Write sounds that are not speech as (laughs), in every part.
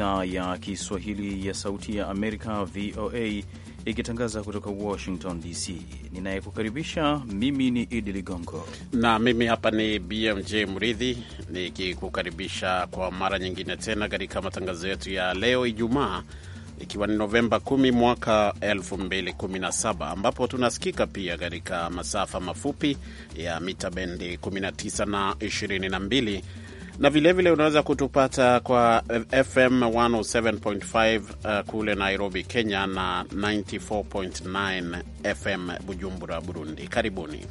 idhaa ya Kiswahili ya Sauti ya Amerika, VOA, ikitangaza kutoka Washington DC. Ninayekukaribisha mimi ni Idi Ligongo na mimi hapa ni BMJ Mridhi, nikikukaribisha kwa mara nyingine tena katika matangazo yetu ya leo Ijumaa, ikiwa ni Novemba 10 mwaka 2017, ambapo tunasikika pia katika masafa mafupi ya mita bendi 19 na 22 na vilevile vile unaweza kutupata kwa FM 107.5 uh, kule Nairobi, Kenya na 94.9 FM Bujumbura, Burundi. Karibuni.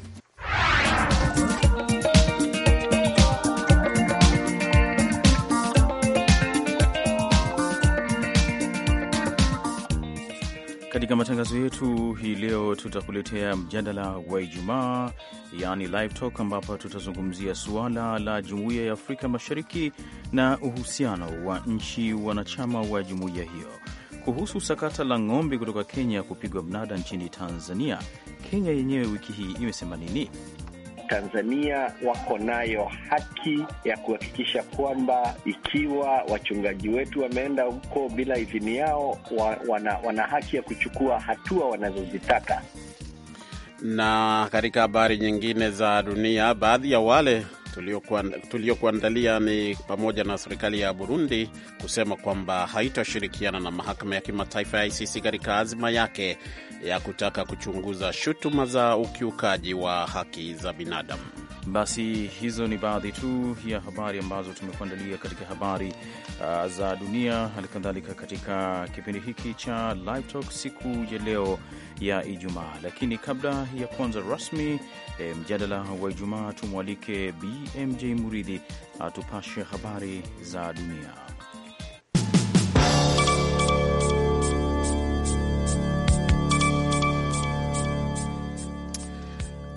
Katika matangazo yetu hii leo tutakuletea mjadala wa Ijumaa, yaani live talk, ambapo tutazungumzia suala la Jumuiya ya Afrika Mashariki na uhusiano wa nchi wanachama wa jumuiya hiyo. Kuhusu sakata la ng'ombe kutoka Kenya kupigwa mnada nchini Tanzania, Kenya yenyewe wiki hii imesema nini? Tanzania wako nayo haki ya kuhakikisha kwamba ikiwa wachungaji wetu wameenda huko bila idhini yao, wa, wana, wana haki ya kuchukua hatua wanazozitaka. Na katika habari nyingine za dunia, baadhi ya wale tuliokuandalia ni pamoja na serikali ya Burundi kusema kwamba haitashirikiana na mahakama ya kimataifa ya ICC katika azima yake ya kutaka kuchunguza shutuma za ukiukaji wa haki za binadamu. Basi hizo ni baadhi tu ya habari ambazo tumekuandalia katika habari uh, za dunia, halikadhalika katika kipindi hiki cha Live Talk siku ya leo ya Ijumaa. Lakini kabla ya kuanza rasmi e, mjadala wa Ijumaa, tumwalike BMJ Muridhi atupashe habari za dunia.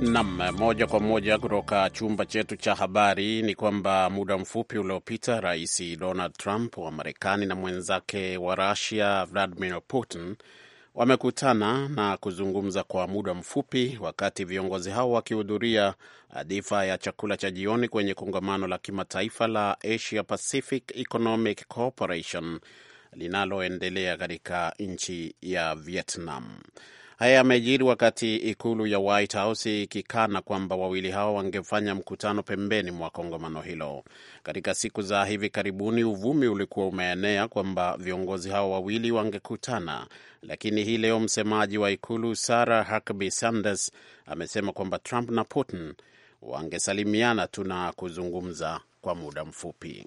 Nam moja kwa moja kutoka chumba chetu cha habari ni kwamba muda mfupi uliopita Rais Donald Trump wa Marekani na mwenzake wa Rusia Vladimir Putin wamekutana na kuzungumza kwa muda mfupi, wakati viongozi hao wakihudhuria dhifa ya chakula cha jioni kwenye kongamano la kimataifa la Asia Pacific Economic Cooperation linaloendelea katika nchi ya Vietnam. Haya yamejiri wakati ikulu ya White House ikikana kwamba wawili hao wangefanya mkutano pembeni mwa kongamano hilo. Katika siku za hivi karibuni, uvumi ulikuwa umeenea kwamba viongozi hao wawili wangekutana, lakini hii leo msemaji wa ikulu Sarah Huckabee Sanders amesema kwamba Trump na Putin wangesalimiana tu na kuzungumza kwa muda mfupi.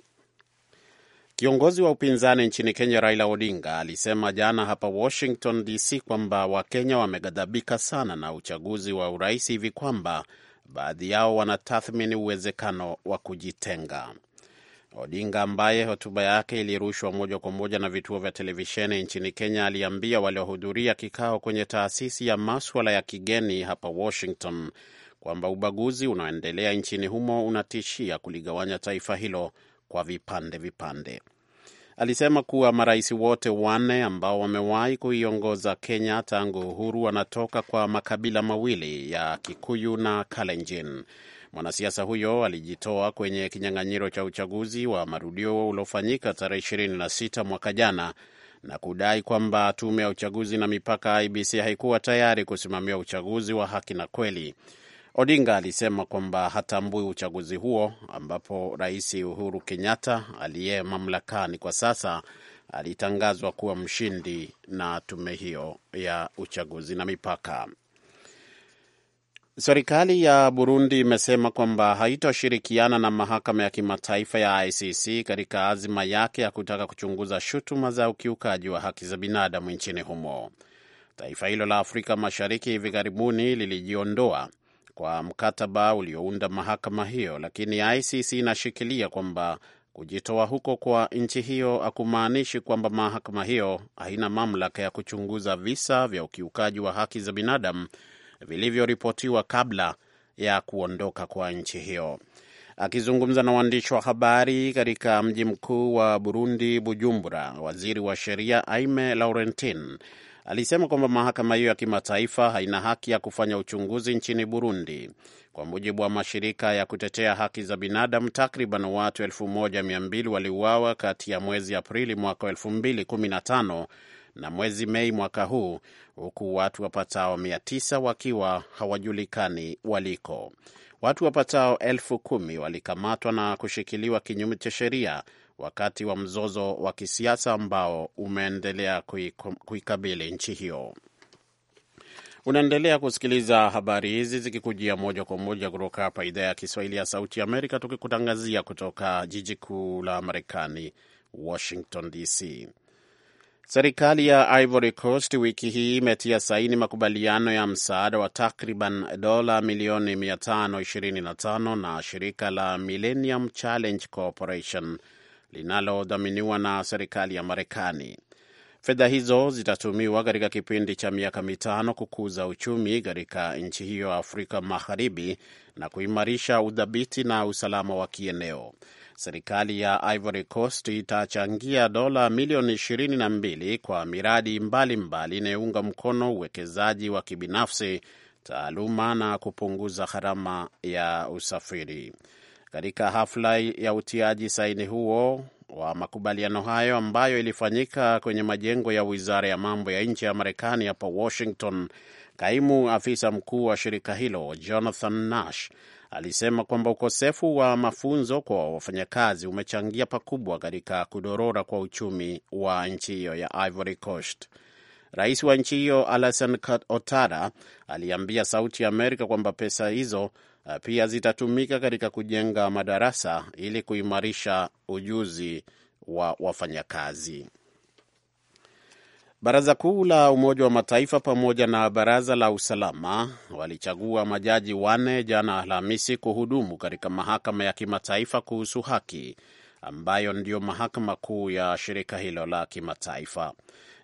Kiongozi wa upinzani nchini Kenya Raila Odinga alisema jana hapa Washington DC kwamba Wakenya wameghadhabika sana na uchaguzi wa urais hivi kwamba baadhi yao wanatathmini uwezekano wa kujitenga. Odinga ambaye hotuba yake ilirushwa moja kwa moja na vituo vya televisheni nchini Kenya aliambia waliohudhuria kikao kwenye taasisi ya maswala ya kigeni hapa Washington kwamba ubaguzi unaoendelea nchini humo unatishia kuligawanya taifa hilo kwa vipande vipande. Alisema kuwa marais wote wanne ambao wamewahi kuiongoza Kenya tangu uhuru wanatoka kwa makabila mawili ya Kikuyu na Kalenjin. Mwanasiasa huyo alijitoa kwenye kinyang'anyiro cha uchaguzi wa marudio uliofanyika tarehe 26 mwaka jana na kudai kwamba tume ya uchaguzi na mipaka IBC haikuwa tayari kusimamia uchaguzi wa haki na kweli. Odinga alisema kwamba hatambui uchaguzi huo ambapo Rais Uhuru Kenyatta aliye mamlakani kwa sasa alitangazwa kuwa mshindi na tume hiyo ya uchaguzi na mipaka. Serikali ya Burundi imesema kwamba haitoshirikiana na mahakama ya kimataifa ya ICC katika azima yake ya kutaka kuchunguza shutuma za ukiukaji wa haki za binadamu nchini humo. Taifa hilo la Afrika Mashariki hivi karibuni lilijiondoa kwa mkataba uliounda mahakama hiyo, lakini ICC inashikilia kwamba kujitoa huko kwa nchi hiyo hakumaanishi kwamba mahakama hiyo haina mamlaka ya kuchunguza visa vya ukiukaji wa haki za binadamu vilivyoripotiwa kabla ya kuondoka kwa nchi hiyo. Akizungumza na waandishi wa habari katika mji mkuu wa Burundi, Bujumbura, waziri wa sheria Aime Laurentin alisema kwamba mahakama hiyo ya kimataifa haina haki ya kufanya uchunguzi nchini Burundi. Kwa mujibu wa mashirika ya kutetea haki za binadamu, takriban watu 1200 waliuawa kati ya mwezi Aprili mwaka 2015 na mwezi Mei mwaka huu, huku watu wapatao 900 wakiwa hawajulikani waliko. Watu wapatao elfu kumi walikamatwa na kushikiliwa kinyume cha sheria wakati wa mzozo wa kisiasa ambao umeendelea kuikabili nchi hiyo. Unaendelea kusikiliza habari hizi zikikujia moja kwa moja kutoka hapa idhaa ya Kiswahili ya Sauti Amerika, tukikutangazia kutoka jiji kuu la Marekani, Washington DC. Serikali ya Ivory Coast wiki hii imetia saini makubaliano ya msaada wa takriban dola milioni 525 na shirika la Millennium Challenge Corporation linalodhaminiwa na serikali ya Marekani. Fedha hizo zitatumiwa katika kipindi cha miaka mitano kukuza uchumi katika nchi hiyo ya Afrika Magharibi na kuimarisha udhabiti na usalama wa kieneo. Serikali ya Ivory Coast itachangia dola milioni ishirini na mbili kwa miradi mbalimbali inayounga mkono uwekezaji wa kibinafsi, taaluma na kupunguza gharama ya usafiri katika hafla ya utiaji saini huo wa makubaliano hayo ambayo ilifanyika kwenye majengo ya wizara ya mambo ya nje ya Marekani hapa Washington. Kaimu afisa mkuu wa shirika hilo Jonathan Nash alisema kwamba ukosefu wa mafunzo kwa wafanyakazi umechangia pakubwa katika kudorora kwa uchumi wa nchi hiyo ya Ivory Coast. Rais wa nchi hiyo Alassane Ouattara aliambia Sauti ya Amerika kwamba pesa hizo Uh, pia zitatumika katika kujenga madarasa ili kuimarisha ujuzi wa wafanyakazi. Baraza Kuu la Umoja wa Mataifa pamoja na Baraza la Usalama walichagua majaji wanne jana Alhamisi kuhudumu katika Mahakama ya Kimataifa kuhusu Haki ambayo ndiyo mahakama kuu ya shirika hilo la kimataifa.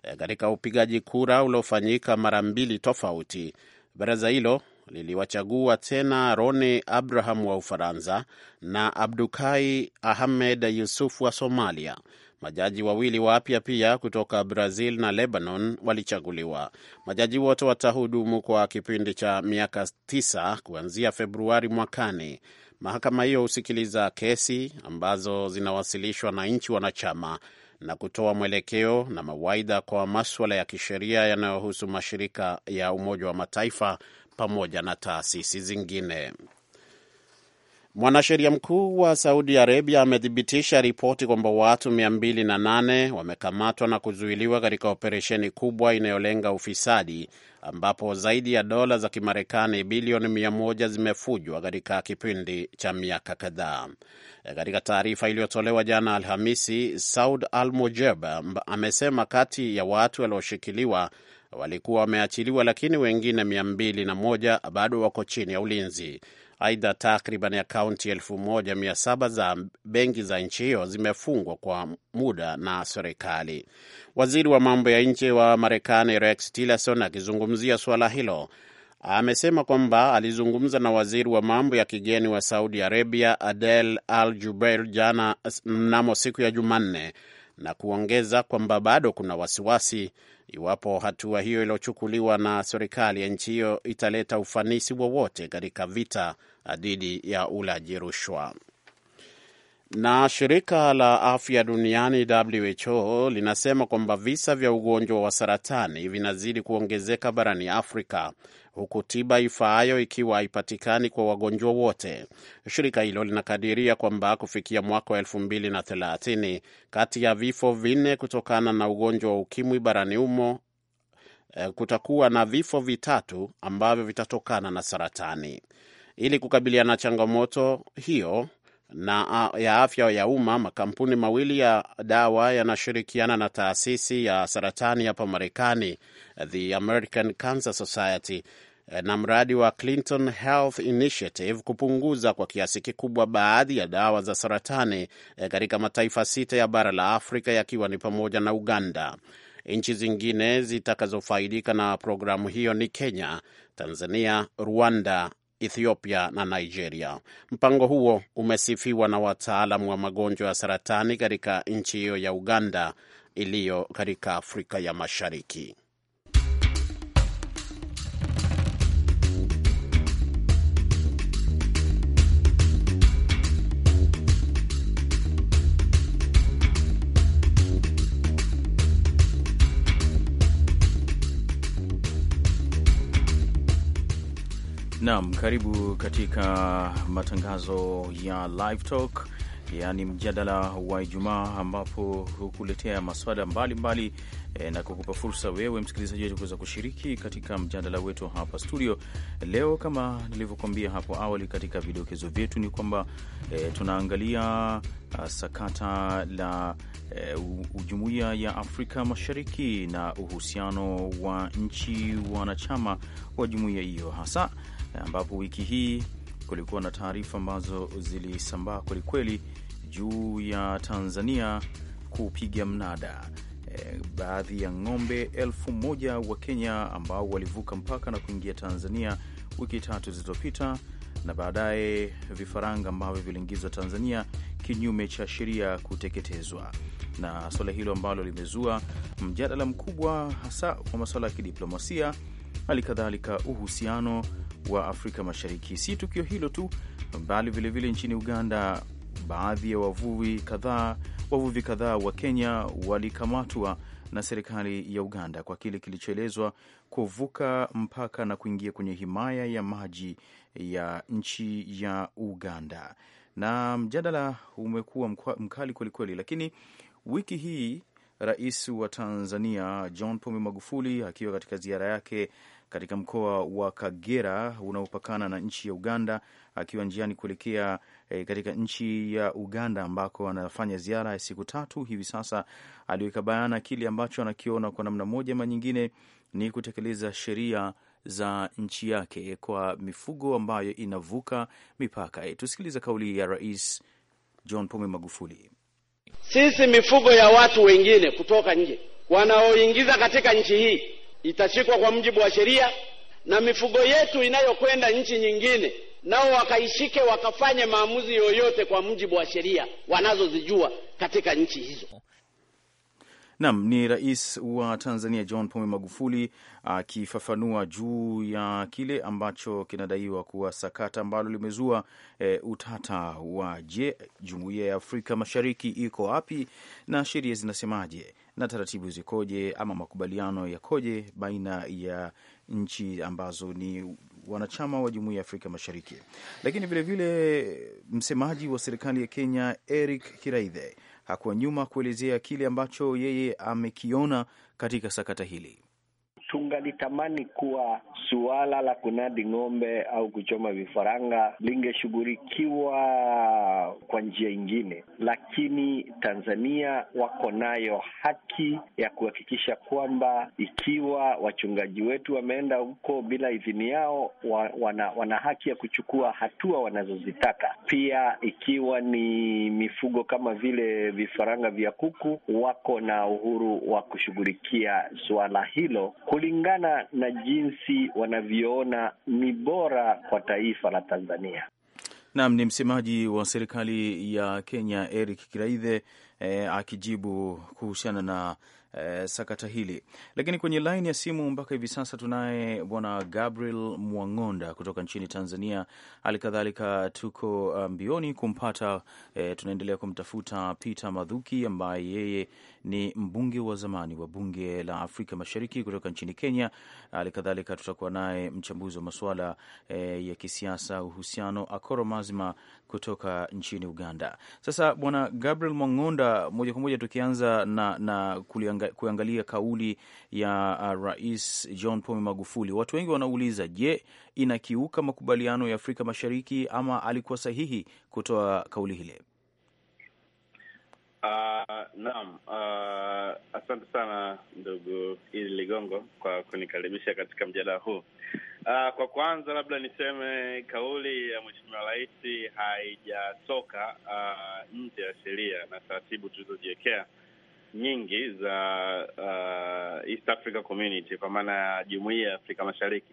Eh, katika upigaji kura uliofanyika mara mbili tofauti, baraza hilo liliwachagua tena Roni Abraham wa Ufaransa na Abdukai Ahmed Yusuf wa Somalia. Majaji wawili wapya pia kutoka Brazil na Lebanon walichaguliwa. Majaji wote watahudumu kwa kipindi cha miaka tisa kuanzia Februari mwakani. Mahakama hiyo husikiliza kesi ambazo zinawasilishwa na nchi wanachama na kutoa mwelekeo na mawaidha kwa maswala ya kisheria yanayohusu mashirika ya Umoja wa Mataifa pamoja na taasisi zingine. Mwanasheria mkuu wa Saudi Arabia amethibitisha ripoti kwamba watu 208 wamekamatwa na kuzuiliwa katika operesheni kubwa inayolenga ufisadi ambapo zaidi ya dola za Kimarekani bilioni 100 zimefujwa katika kipindi cha miaka kadhaa. Katika taarifa iliyotolewa jana Alhamisi, Saud Al Mujeb amesema kati ya watu walioshikiliwa walikuwa wameachiliwa, lakini wengine mia mbili na moja bado wako chini ya ulinzi. Aidha, takriban akaunti elfu moja mia saba za benki za nchi hiyo zimefungwa kwa muda na serikali. Waziri wa mambo ya nje wa Marekani Rex Tillerson akizungumzia suala hilo amesema kwamba alizungumza na waziri wa mambo ya kigeni wa Saudi Arabia Adel Al Jubeir jana mnamo siku ya Jumanne na kuongeza kwamba bado kuna wasiwasi iwapo hatua hiyo iliyochukuliwa na serikali ya nchi hiyo italeta ufanisi wowote katika vita dhidi ya ulaji rushwa. Na shirika la afya duniani WHO linasema kwamba visa vya ugonjwa wa saratani vinazidi kuongezeka barani Afrika, huku tiba ifaayo ikiwa haipatikani kwa wagonjwa wote. Shirika hilo linakadiria kwamba kufikia mwaka wa elfu mbili na thelathini kati ya vifo vinne kutokana na ugonjwa wa ukimwi barani humo eh, kutakuwa na vifo vitatu ambavyo vitatokana na saratani. Ili kukabiliana na changamoto hiyo, na ya afya ya umma, makampuni mawili ya dawa yanashirikiana na taasisi ya saratani hapa Marekani, the American Cancer Society e, na mradi wa Clinton Health Initiative kupunguza kwa kiasi kikubwa baadhi ya dawa za saratani e, katika mataifa sita ya bara la Afrika yakiwa ni pamoja na Uganda. Nchi zingine zitakazofaidika na programu hiyo ni Kenya, Tanzania, Rwanda, Ethiopia na Nigeria. Mpango huo umesifiwa na wataalamu wa magonjwa ya saratani katika nchi hiyo ya Uganda iliyo katika Afrika ya Mashariki. Naam, karibu katika matangazo ya Live Talk, yaani mjadala wa Ijumaa, ambapo hukuletea maswala mbalimbali e, na kukupa fursa wewe msikilizaji wetu kuweza kushiriki katika mjadala wetu hapa studio. Leo kama nilivyokuambia hapo awali katika vidokezo vyetu ni kwamba e, tunaangalia ah, sakata la e, eh, Jumuiya ya Afrika Mashariki na uhusiano wa nchi wanachama wa jumuiya hiyo hasa ambapo wiki hii kulikuwa na taarifa ambazo zilisambaa kwelikweli juu ya Tanzania kupiga mnada e, baadhi ya ng'ombe elfu moja wa Kenya ambao walivuka mpaka na kuingia Tanzania wiki tatu zilizopita na baadaye vifaranga ambavyo viliingizwa Tanzania kinyume cha sheria kuteketezwa, na suala hilo ambalo limezua mjadala mkubwa hasa kwa masuala ya kidiplomasia, hali kadhalika uhusiano wa Afrika Mashariki. Si tukio hilo tu, bali vilevile nchini Uganda, baadhi ya wavuvi kadhaa wavuvi kadhaa wa Kenya walikamatwa na serikali ya Uganda kwa kile kilichoelezwa kuvuka mpaka na kuingia kwenye himaya ya maji ya nchi ya Uganda, na mjadala umekuwa mkali kwelikweli. Lakini wiki hii rais wa Tanzania John Pombe Magufuli akiwa katika ziara yake katika mkoa wa Kagera unaopakana na nchi ya Uganda, akiwa njiani kuelekea e, katika nchi ya Uganda ambako anafanya ziara ya siku tatu hivi sasa, aliweka bayana kile ambacho anakiona kwa namna moja ama nyingine ni kutekeleza sheria za nchi yake kwa mifugo ambayo inavuka mipaka. E, eh, tusikiliza kauli ya Rais John Pombe Magufuli. Sisi mifugo ya watu wengine kutoka nje wanaoingiza katika nchi hii itashikwa kwa mjibu wa sheria, na mifugo yetu inayokwenda nchi nyingine nao wakaishike wakafanye maamuzi yoyote kwa mjibu wa sheria wanazozijua katika nchi hizo. Nam ni Rais wa Tanzania John Pombe Magufuli akifafanua juu ya kile ambacho kinadaiwa kuwa sakata ambalo limezua e, utata wa je, jumuiya ya Afrika Mashariki iko wapi na sheria zinasemaje? na taratibu zikoje ama makubaliano yakoje baina ya nchi ambazo ni wanachama wa Jumuiya ya Afrika Mashariki. Lakini vilevile vile, msemaji wa serikali ya Kenya Eric Kiraithe hakuwa nyuma kuelezea kile ambacho yeye amekiona katika sakata hili tungalitamani kuwa suala la kunadi ng'ombe au kuchoma vifaranga lingeshughulikiwa kwa njia ingine, lakini Tanzania wako nayo haki ya kuhakikisha kwamba ikiwa wachungaji wetu wameenda huko bila idhini yao, wa, wana, wana haki ya kuchukua hatua wanazozitaka. Pia ikiwa ni mifugo kama vile vifaranga vya kuku, wako na uhuru wa kushughulikia suala hilo kulingana na jinsi wanavyoona ni bora kwa taifa la Tanzania. Naam, ni msemaji wa serikali ya Kenya Eric Kiraithe eh, akijibu kuhusiana na eh, sakata hili. Lakini kwenye laini ya simu mpaka hivi sasa tunaye bwana Gabriel Mwang'onda kutoka nchini Tanzania. Hali kadhalika tuko eh, mbioni kumpata, eh, tunaendelea kumtafuta Peter Madhuki ambaye yeye ni mbunge wa zamani wa bunge la Afrika Mashariki kutoka nchini Kenya. Hali kadhalika tutakuwa naye mchambuzi wa masuala e, ya kisiasa uhusiano, Akoro Mazima kutoka nchini Uganda. Sasa bwana Gabriel Mwang'onda, moja kwa moja tukianza na, na kulianga, kuangalia kauli ya Rais John Pombe Magufuli, watu wengi wanauliza, je, inakiuka makubaliano ya Afrika Mashariki ama alikuwa sahihi kutoa kauli hile? Uh, naam, uh, asante sana ndugu Idi Ligongo kwa kunikaribisha katika mjadala huu. Uh, kwa kwanza labda niseme kauli ya Mheshimiwa Rais haijatoka uh, nje ya sheria na taratibu tulizojiwekea nyingi za uh, East Africa Community kwa maana ya Jumuiya ya Afrika Mashariki.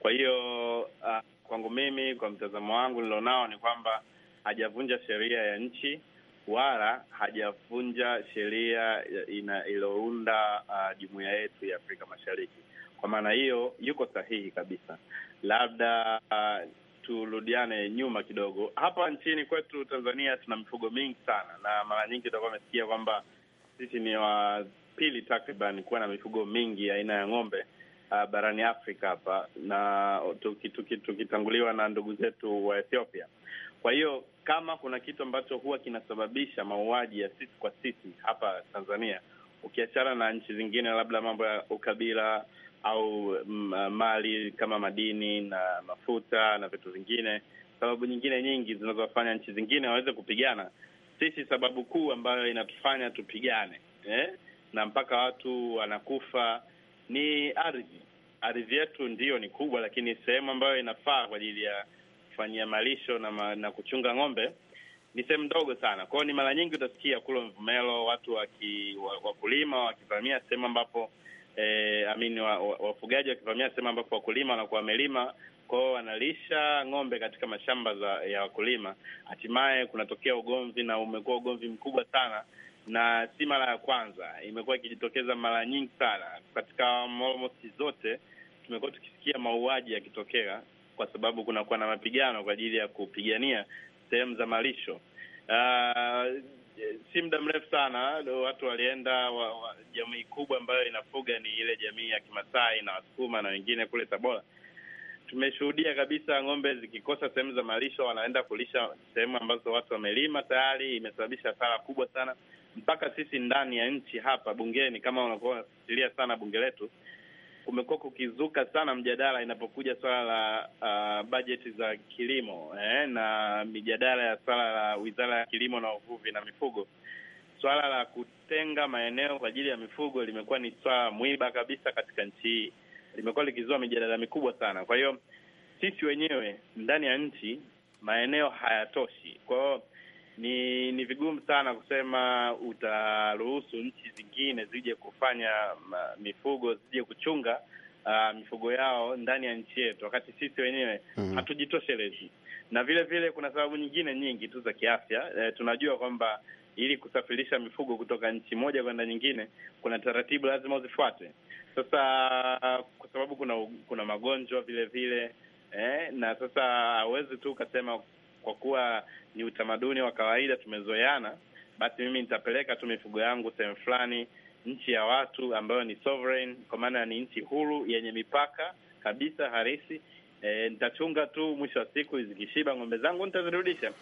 Kwa hiyo uh, kwangu mimi, kwa mtazamo wangu nilionao, ni kwamba hajavunja sheria ya nchi wala hajavunja sheria iliyounda uh, jumuiya yetu ya Afrika Mashariki. Kwa maana hiyo yuko sahihi kabisa. Labda uh, turudiane nyuma kidogo. Hapa nchini kwetu Tanzania tuna mifugo mingi sana, na mara nyingi utakuwa amesikia kwamba sisi ni wa pili takriban kuwa na mifugo mingi aina ya ng'ombe uh, barani Afrika hapa na tukitanguliwa tuki, tuki na ndugu zetu wa Ethiopia. Kwa hiyo kama kuna kitu ambacho huwa kinasababisha mauaji ya sisi kwa sisi hapa Tanzania, ukiachana na nchi zingine, labda mambo ya ukabila au mm, mali kama madini na mafuta na vitu vingine, sababu nyingine nyingi zinazofanya nchi zingine waweze kupigana, sisi sababu kuu ambayo inatufanya tupigane eh, na mpaka watu wanakufa ni ardhi. Ardhi yetu ndiyo ni kubwa, lakini sehemu ambayo inafaa kwa ajili ya kufanyia malisho na, ma, na kuchunga ng'ombe ni sehemu ndogo sana. kwao ni mara nyingi utasikia kule Mvumelo watu waki, wakulima wakivamia sehemu ambapo eh, amin wafugaji wa, wafugaji wakivamia sehemu ambapo wakulima wanakuwa wamelima kwao wanalisha ng'ombe katika mashamba za, ya wakulima. Hatimaye kunatokea ugomvi na umekuwa ugomvi mkubwa sana, na si mara ya kwanza, imekuwa ikijitokeza mara nyingi sana katika almost zote. Tumekuwa tukisikia mauaji yakitokea kwa sababu kunakuwa na mapigano kwa ajili ya kupigania sehemu za malisho. Uh, si muda mrefu sana watu walienda wa, wa, jamii kubwa ambayo inafuga ni ile jamii ya Kimasai na Wasukuma na wengine kule Tabora. Tumeshuhudia kabisa ng'ombe zikikosa sehemu za malisho, wanaenda kulisha sehemu ambazo watu wamelima tayari. Imesababisha hasara kubwa sana, mpaka sisi ndani ya nchi hapa bungeni, kama unakuwa unafuatilia sana bunge letu kumekuwa kukizuka sana mjadala inapokuja swala la uh, bajeti za kilimo eh, na mijadala ya swala la Wizara ya Kilimo na Uvuvi na Mifugo. Swala la kutenga maeneo kwa ajili ya mifugo limekuwa ni swala mwiba kabisa katika nchi hii, limekuwa likizua mijadala mikubwa sana. Kwa hiyo sisi wenyewe ndani ya nchi maeneo hayatoshi, kwa hiyo ni ni vigumu sana kusema utaruhusu nchi zingine zije kufanya mifugo zije kuchunga uh, mifugo yao ndani ya nchi yetu, wakati sisi wenyewe mm -hmm. hatujitoshelezi. Na vile vile kuna sababu nyingine nyingi tu za kiafya. E, tunajua kwamba ili kusafirisha mifugo kutoka nchi moja kwenda nyingine, kuna taratibu lazima uzifuate. Sasa kwa sababu kuna kuna magonjwa vile vile eh, na sasa awezi tu ukasema kwa kuwa ni utamaduni wa kawaida, tumezoeana, basi mimi nitapeleka tu mifugo yangu sehemu fulani, nchi ya watu ambayo ni sovereign, kwa maana ni nchi huru yenye mipaka kabisa harisi E, nitachunga tu, mwisho wa siku zikishiba ng'ombe zangu nitazirudisha.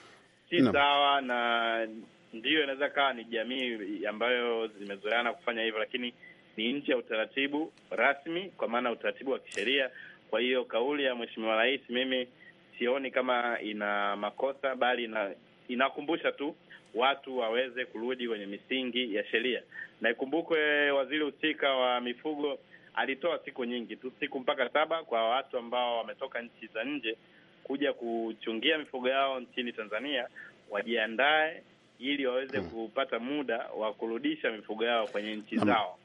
Si sawa na ndiyo, inaweza kawa ni jamii ambayo zimezoeana kufanya hivyo, lakini ni nje ya utaratibu rasmi, kwa maana utaratibu wa kisheria. Kwa hiyo kauli ya Mheshimiwa Rais mimi sioni kama ina makosa, bali ina, inakumbusha tu watu waweze kurudi kwenye misingi ya sheria, na ikumbukwe waziri husika wa mifugo alitoa siku nyingi tu, siku mpaka saba kwa watu ambao wametoka nchi za nje kuja kuchungia mifugo yao nchini Tanzania, wajiandae ili waweze hmm. kupata muda wa kurudisha mifugo yao kwenye nchi zao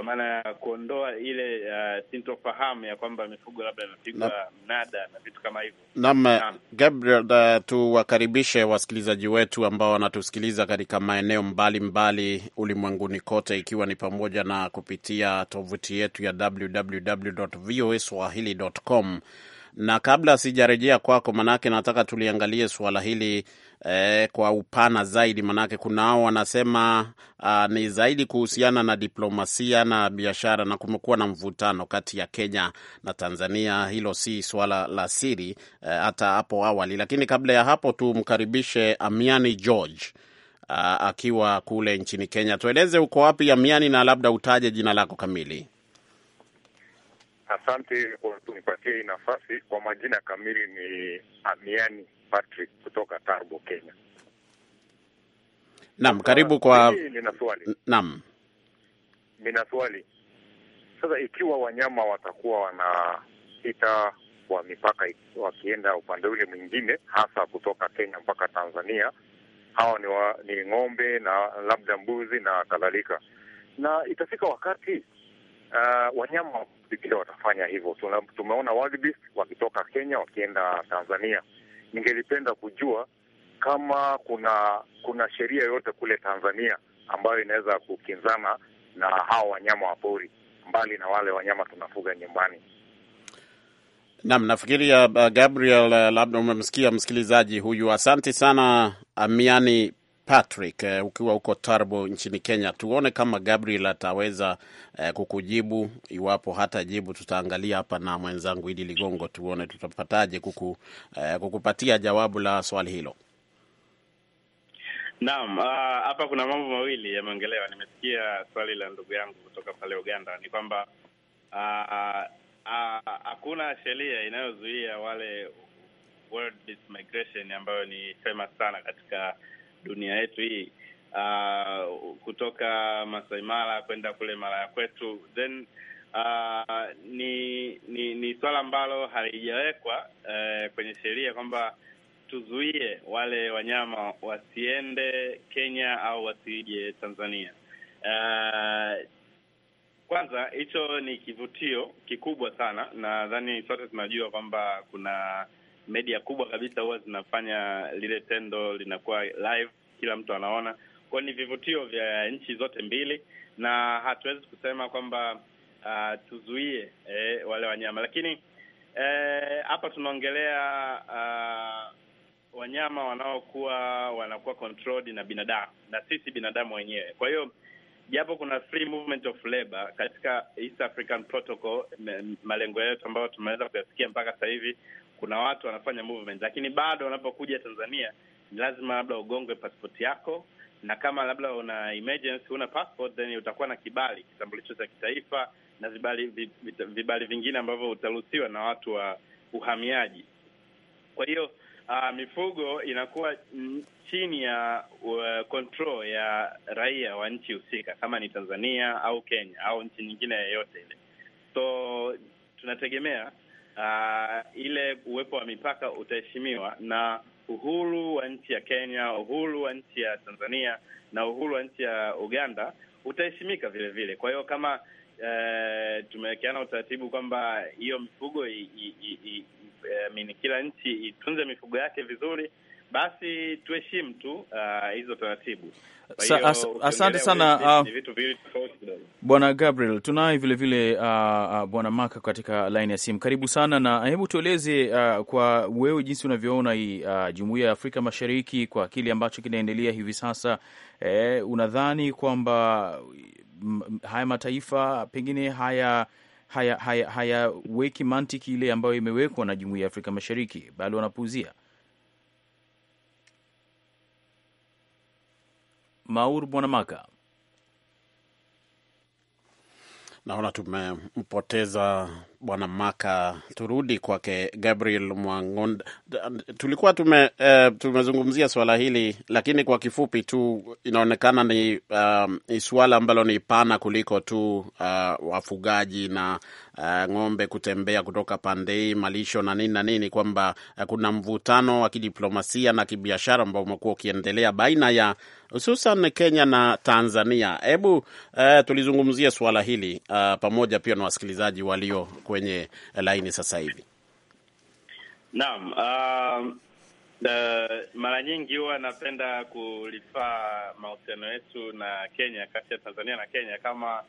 kwa maana ya kuondoa ile uh, sintofahamu ya kwamba mifugo labda inapigwa mnada na vitu kama hivyo. Naam, Gabriel, uh, tuwakaribishe wasikilizaji wetu ambao wanatusikiliza katika maeneo mbalimbali ulimwenguni kote, ikiwa ni pamoja na kupitia tovuti yetu ya www.voaswahili.com na kabla sijarejea kwako, manake nataka tuliangalie suala hili eh, kwa upana zaidi, manake kunao wanasema uh, ni zaidi kuhusiana na diplomasia na biashara, na kumekuwa na mvutano kati ya Kenya na Tanzania. Hilo si swala la siri eh, hata hapo awali. Lakini kabla ya hapo, tumkaribishe Amiani George uh, akiwa kule nchini Kenya. Tueleze uko wapi Amiani, na labda utaje jina lako kamili. Asante kwa kunipatia hii nafasi. Kwa majina kamili ni Amiani Patrick kutoka Tarbo, Kenya. Naam, karibu kwa nina swali. Naam, nina swali sasa, ikiwa wanyama watakuwa wanapita kwa mipaka wakienda upande ule mwingine, hasa kutoka Kenya mpaka Tanzania, hawa ni, wa, ni ng'ombe na labda mbuzi na kadhalika, na itafika wakati uh, wanyama pekee watafanya hivyo. Tumeona wagbi wakitoka Kenya wakienda Tanzania. Ningelipenda kujua kama kuna kuna sheria yoyote kule Tanzania ambayo inaweza kukinzana na hawa wanyama wa pori, mbali na wale wanyama tunafuga nyumbani. nam nafikiri uh, Gabriel, uh, labda umemsikia msikilizaji huyu. Asante sana Amiani Patrick, uh, ukiwa huko Tarbo nchini Kenya, tuone kama Gabriel ataweza uh, kukujibu. Iwapo hata jibu, tutaangalia hapa na mwenzangu Idi Ligongo, tuone tutapataje kuku, uh, kukupatia jawabu la swali hilo. Naam, ah, hapa kuna mambo mawili yameongelewa. Nimesikia swali la ndugu yangu kutoka pale Uganda, ni kwamba ah, ah, hakuna sheria inayozuia wale world migration ambayo ni famous sana katika dunia yetu hii uh, kutoka Masai Mara kwenda kule Mara ya kwetu then uh, ni ni ni swala ambalo halijawekwa uh, kwenye sheria kwamba tuzuie wale wanyama wasiende Kenya au wasije Tanzania. Uh, kwanza hicho ni kivutio kikubwa sana, nadhani sote tunajua kwamba kuna media kubwa kabisa huwa zinafanya lile tendo linakuwa live, kila mtu anaona. Kwa ni vivutio vya nchi zote mbili, na hatuwezi kusema kwamba uh, tuzuie eh, wale wanyama, lakini eh, hapa eh, tunaongelea uh, wanyama wanaokuwa wanakuwa controlled na binadamu na sisi binadamu wenyewe. Kwa hiyo japo kuna free movement of labor katika East African Protocol, malengo yetu ambayo tumeweza kuyafikia mpaka sasa hivi kuna watu wanafanya movement, lakini bado wanapokuja Tanzania ni lazima labda ugongwe pasipoti yako, na kama labda una emergency, una passport then utakuwa na kibali, kitambulisho cha kitaifa na vibali vibali vingine ambavyo utaruhusiwa na watu wa uhamiaji. Kwa hiyo uh, mifugo inakuwa chini ya uh, control ya raia wa nchi husika, kama ni Tanzania au Kenya au nchi nyingine yoyote ile, so tunategemea uh, ile uwepo wa mipaka utaheshimiwa na uhuru wa nchi ya Kenya, uhuru wa nchi ya Tanzania na uhuru wa nchi ya Uganda utaheshimika vile vile. Kwa hiyo kama uh, tumewekeana utaratibu kwamba hiyo mifugo i, i, i, i, eh, i, kila nchi itunze mifugo yake vizuri basi tuheshimu tu uh, hizo uh, taratibu. Asante sana bwana uh, Gabriel. Tunaye vile vile uh, uh, bwana Maka katika laini ya simu, karibu sana na uh, hebu tueleze uh, kwa wewe jinsi unavyoona hii uh, jumuiya ya Afrika Mashariki kwa kile ambacho kinaendelea hivi sasa eh, unadhani kwamba haya mataifa pengine haya hayaweki haya, haya mantiki ile ambayo imewekwa na jumuiya ya Afrika Mashariki bali wanapuuzia? Maur Bwanamaka. Naona tumempoteza Bwana Maka, turudi kwake Gabriel Mwangonda. Tulikuwa tume, uh, tumezungumzia swala hili lakini kwa kifupi tu, inaonekana ni uh, um, suala ambalo ni pana kuliko tu uh, wafugaji na uh, ng'ombe kutembea kutoka pande hii malisho na nini na nini, kwamba uh, kuna mvutano wa kidiplomasia na kibiashara ambao umekuwa ukiendelea baina ya hususan Kenya na Tanzania. Hebu uh, tulizungumzia suala hili uh, pamoja pia na wasikilizaji walio kwenye laini sasa hivi? Naam, um, uh, mara nyingi huwa napenda kulifaa mahusiano yetu na Kenya, kati ya Tanzania na Kenya kama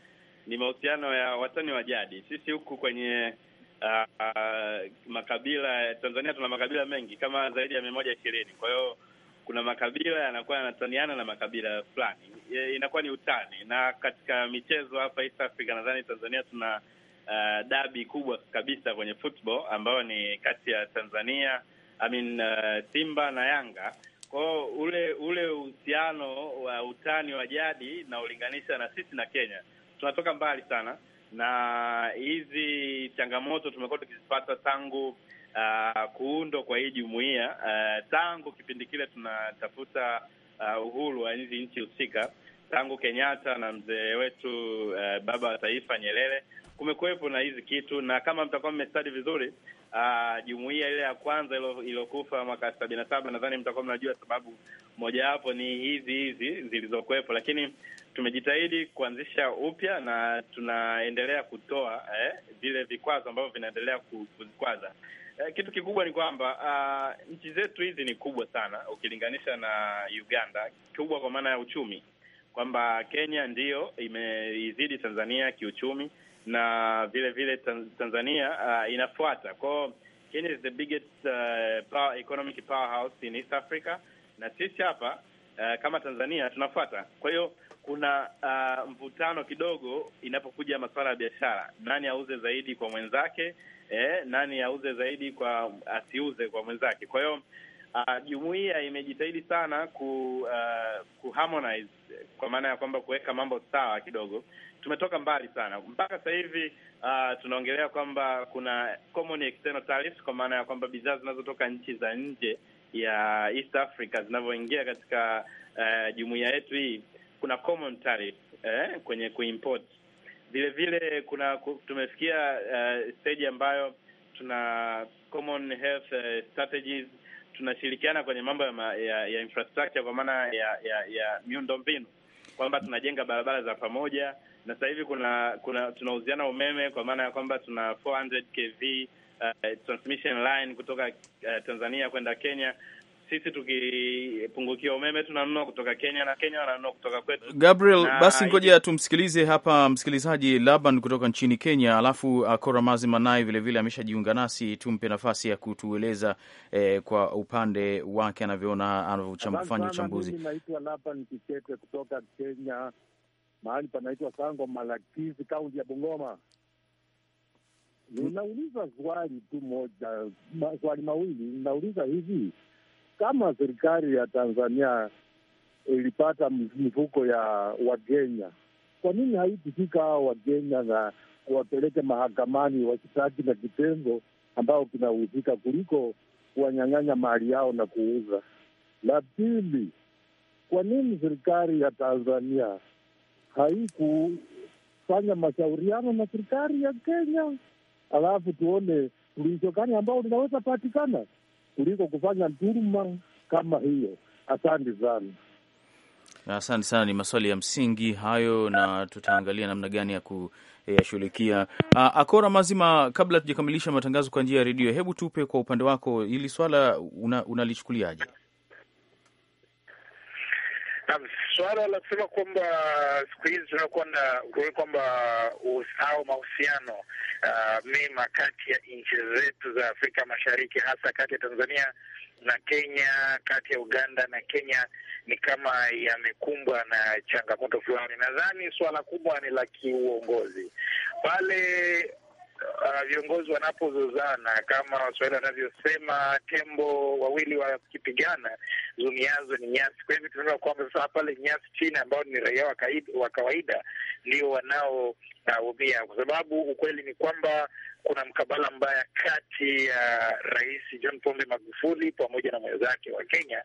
ni mahusiano ya watani wa jadi. Sisi huku kwenye uh, uh, makabila Tanzania tuna makabila mengi kama zaidi ya mia moja ishirini. Kwa hiyo kuna makabila yanakuwa yanataniana na makabila fulani, inakuwa ni utani. Na katika michezo hapa East Africa, nadhani Tanzania tuna uh, dabi kubwa kabisa kwenye football ambayo ni kati ya Tanzania I mean, uh, Simba na Yanga kwao, ule ule uhusiano wa utani wa jadi na ulinganisha na sisi na Kenya, tunatoka mbali sana na hizi changamoto tumekuwa tukizipata tangu uh, kuundwa kwa hii jumuiya uh, tangu kipindi kile tunatafuta uh, uhuru wa hizi nchi husika tangu Kenyatta na mzee wetu uh, baba wa taifa Nyerere kumekuwepo na hizi kitu, na kama mtakuwa mmestadi vizuri uh, jumuiya ile ya kwanza iliyokufa mwaka sabini na saba nadhani mtakuwa mnajua sababu mojawapo ni hizi hizi zilizokuwepo, lakini tumejitahidi kuanzisha upya na tunaendelea kutoa eh, vile vikwazo ambavyo vinaendelea kuzikwaza eh, kitu kikubwa ni kwamba uh, nchi zetu hizi ni kubwa sana ukilinganisha na Uganda, kubwa kwa maana ya uchumi kwamba Kenya ndiyo imeizidi Tanzania kiuchumi na vile vile Tanzania uh, inafuata kwao. Kenya is the biggest uh, power, economic powerhouse in East Africa, na sisi hapa uh, kama Tanzania tunafuata. Kwa hiyo kuna uh, mvutano kidogo inapokuja masuala ya biashara, nani auze zaidi kwa mwenzake eh, nani auze zaidi kwa asiuze kwa mwenzake. Kwa hiyo Uh, ah, jumuiya imejitahidi sana ku, uh, ah, kuharmonize kwa maana ya kwamba kuweka mambo sawa kidogo. Tumetoka mbali sana mpaka sasa hivi uh, tunaongelea kwamba kuna common external tariffs kwa maana ya kwamba bidhaa zinazotoka nchi za nje ya East Africa zinavyoingia katika uh, jumuiya yetu hii, kuna common tariff eh, kwenye kuimport. Vile vile kuna tumefikia uh, stage ambayo tuna common health uh, strategies tunashirikiana kwenye mambo ya, ya, ya infrastructure kwa maana ya, ya, ya miundo mbinu kwamba tunajenga barabara za pamoja na sasa hivi kuna kuna tunauziana umeme kwa maana ya kwamba tuna 400 kV uh, transmission line kutoka uh, Tanzania kwenda Kenya sisi tukipungukia umeme tunanunua kutoka Kenya na Kenya wananunua kutoka kwetu. Gabriel, na basi ngoja tumsikilize hapa msikilizaji Laban kutoka nchini Kenya, alafu Akora Mazima naye vilevile ameshajiunga nasi, tumpe nafasi ya kutueleza eh, kwa upande wake anavyoona anavyofanya uchambuzi. Naitwa Laban Kikete kutoka Kenya, mahali panaitwa Sango Malakizi, kaunti ya Bungoma. Ninauliza swali tu moja, swali mawili. Ninauliza hivi kama serikali ya Tanzania ilipata mifuko ya Wakenya, kwa nini haikufika hawa Wakenya na kuwapeleke mahakamani wakitaki na kitengo ambao kinahusika kuliko kuwanyang'anya mali yao na kuuza? La pili, kwa nini serikali ya Tanzania haikufanya mashauriano na serikali ya Kenya? Alafu tuone suluhisho gani ambao linaweza patikana kuliko kufanya dhuluma kama hiyo. Asante sana. Asante sana, ni maswali ya msingi hayo, na tutaangalia namna gani ya kuyashughulikia. Ah, Akora mazima, kabla tujakamilisha matangazo kwa njia ya redio, hebu tupe kwa upande wako, hili swala unalichukuliaje? una Swala la kusema kwamba siku hizi tunakuwa na kwamba au mahusiano uh, mema kati ya nchi zetu za Afrika Mashariki, hasa kati ya Tanzania na Kenya, kati ya Uganda na Kenya ni kama yamekumbwa na changamoto fulani. Nadhani swala kubwa ni la kiuongozi pale uh, viongozi wanapozozana, kama Waswahili wanavyosema tembo wawili wakipigana, zumiazo ni nyasi. Kwa hivyo tunaona kwamba sasa pale nyasi chini, ambao ni raia wa kawaida, ndio wanaoumia, uh, kwa sababu ukweli ni kwamba kuna mkabala mbaya kati ya uh, Rais John Pombe Magufuli pamoja na mwenzake wa Kenya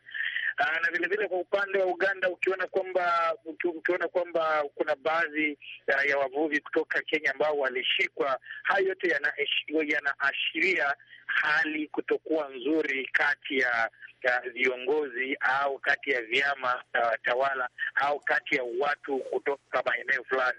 Ah, na vilevile kwa upande wa Uganda, ukiona kwamba ukiona kwamba kuna baadhi ya, ah, ya wavuvi kutoka Kenya ambao walishikwa, hayo yote yanaashiria yana hali kutokuwa nzuri kati ya viongozi au kati ya vyama uh, tawala au kati ya watu kutoka maeneo fulani,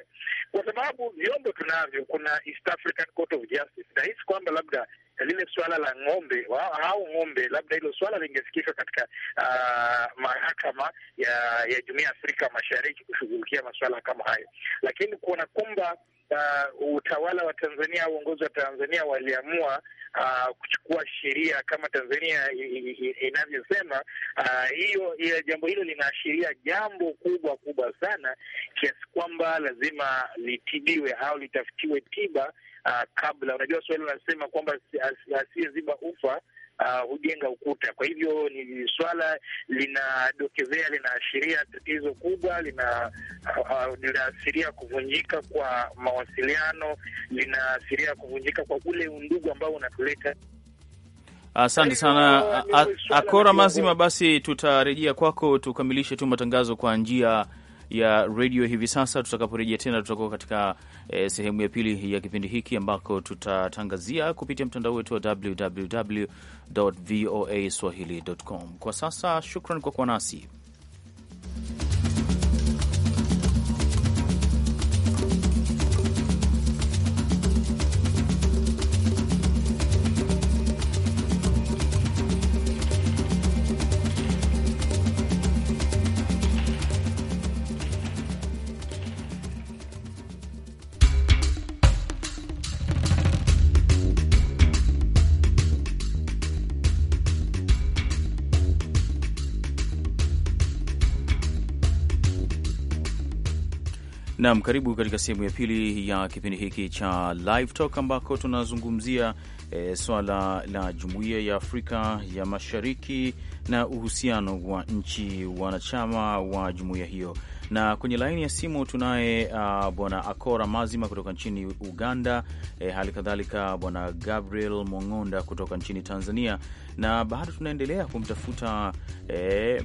kwa sababu vyombo tunavyo, kuna East African Court of Justice. Nahisi kwamba labda lile suala la ng'ombe au ng'ombe, labda hilo swala lingefikishwa katika uh, mahakama ya, ya jumuiya ya Afrika Mashariki kushughulikia masuala kama hayo, lakini kuona kwamba Uh, utawala wa Tanzania au uongozi wa Tanzania waliamua uh, kuchukua sheria kama Tanzania inavyosema. Hiyo uh, jambo hilo linaashiria jambo kubwa kubwa sana kiasi kwamba lazima litibiwe au litafutiwe tiba uh, kabla. Unajua swali linasema kwamba asiyeziba as, ufa uh, hujenga ukuta. Kwa hivyo ni swala linadokezea, linaashiria tatizo kubwa, linaashiria uh, uh, linaashiria kuvunjika kwa mawasiliano, linaashiria kuvunjika kwa ule undugu ambao unatuleta Asante sana uh, Akora Mazima, basi tutarejea kwako tukamilishe tu matangazo kwa njia ya redio hivi sasa. Tutakaporejea tena, tutakuwa katika eh, sehemu ya pili ya kipindi hiki ambako tutatangazia kupitia mtandao wetu wa www.voaswahili.com. Kwa sasa, shukran kwa kuwa nasi. Naam, karibu katika sehemu ya pili ya kipindi hiki cha Live Talk ambako tunazungumzia e, swala la Jumuiya ya Afrika ya Mashariki na uhusiano wa nchi wanachama wa jumuiya hiyo, na kwenye laini ya simu tunaye uh, bwana Akora Mazima kutoka nchini Uganda, e, hali kadhalika bwana Gabriel Mong'onda kutoka nchini Tanzania, na bado tunaendelea kumtafuta e, eh,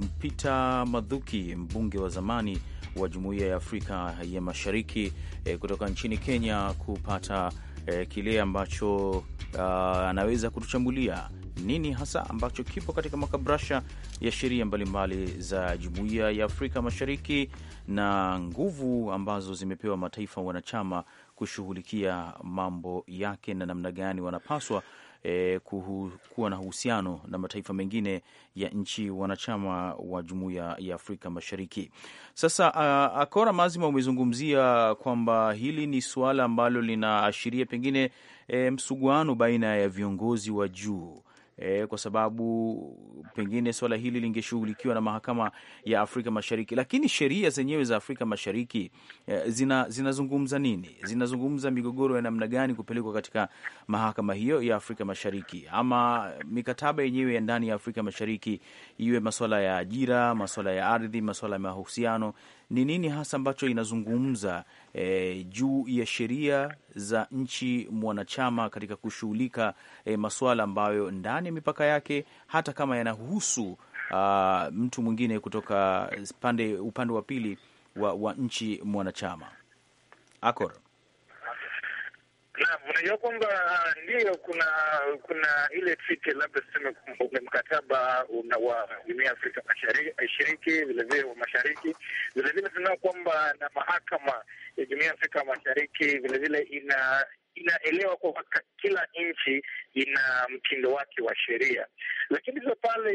Mpita Madhuki, mbunge wa zamani wa Jumuiya ya Afrika ya Mashariki eh, kutoka nchini Kenya kupata eh, kile ambacho uh, anaweza kutuchambulia nini hasa ambacho kipo katika makabrasha ya sheria mbalimbali za Jumuiya ya Afrika Mashariki na nguvu ambazo zimepewa mataifa wanachama kushughulikia mambo yake na namna gani wanapaswa eh, kuwa na uhusiano na mataifa mengine ya nchi wanachama wa jumuiya ya Afrika Mashariki. Sasa uh, Akora Mazima umezungumzia kwamba hili ni suala ambalo linaashiria pengine eh, msuguano baina ya viongozi wa juu e, kwa sababu pengine swala hili lingeshughulikiwa na mahakama ya Afrika Mashariki. Lakini sheria zenyewe za Afrika Mashariki e, zina, zinazungumza nini? Zinazungumza migogoro ya namna gani kupelekwa katika mahakama hiyo ya Afrika Mashariki, ama mikataba yenyewe ya ndani ya Afrika Mashariki, iwe maswala ya ajira, maswala ya ardhi, maswala ya mahusiano ni nini hasa ambacho inazungumza e, juu ya sheria za nchi mwanachama katika kushughulika e, masuala ambayo ndani ya mipaka yake hata kama yanahusu ah, mtu mwingine kutoka pande upande wa pili wa nchi mwanachama Akor. Naam, unajua kwamba ah, ndiyo, kuna kuna ile treaty, labda tuseme ule mkataba wa jumuiya ya Afrika Mashariki, vilevile wa mashariki, vilevile tunao kwamba na mahakama ya jumuiya ya Afrika Mashariki vilevile ina inaelewa kwamba kila nchi ina mtindo wake wa sheria, lakini vile pale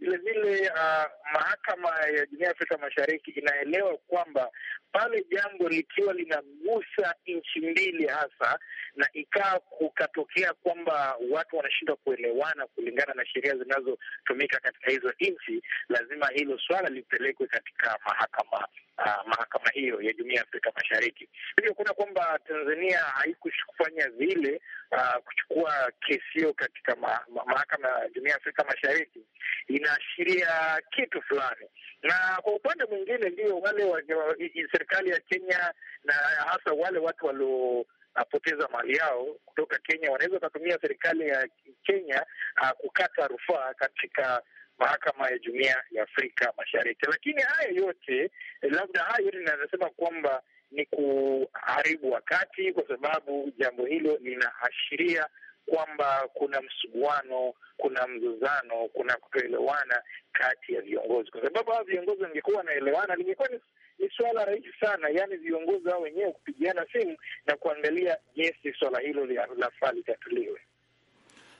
vilevile uh, ah, mahakama ya Jumuiya ya Afrika Mashariki inaelewa kwamba pale jambo likiwa linagusa nchi mbili hasa, na ikaa kukatokea kwamba watu wanashindwa kuelewana kulingana na sheria zinazotumika katika hizo nchi, lazima hilo swala lipelekwe katika mahakama uh, mahakama hiyo ya Jumuiya ya Afrika Mashariki. Hivyo kuna kwamba Tanzania haiku kufanya vile uh, kuchukua kesi hiyo katika mahakama ya Jumuiya ya Afrika Mashariki inaashiria kitu fulani, na kwa upande mwingine ndio wale wa serikali ya Kenya na hasa wale watu walio apoteza mali yao kutoka Kenya wanaweza wakatumia serikali ya Kenya uh, kukata rufaa katika mahakama ya Jumuiya ya Afrika Mashariki. Lakini haya yote labda haya yote inasema kwamba ni kuharibu wakati, kwa sababu jambo hilo linaashiria kwamba kuna msuguano, kuna mzozano, kuna kutoelewana kati ya viongozi, kwa sababu hawa viongozi wangekuwa wanaelewana, lingekuwa ni suala rahisi sana, yaani viongozi hao wenyewe kupigiana simu na kuangalia jinsi swala hilo lafaa litatuliwe.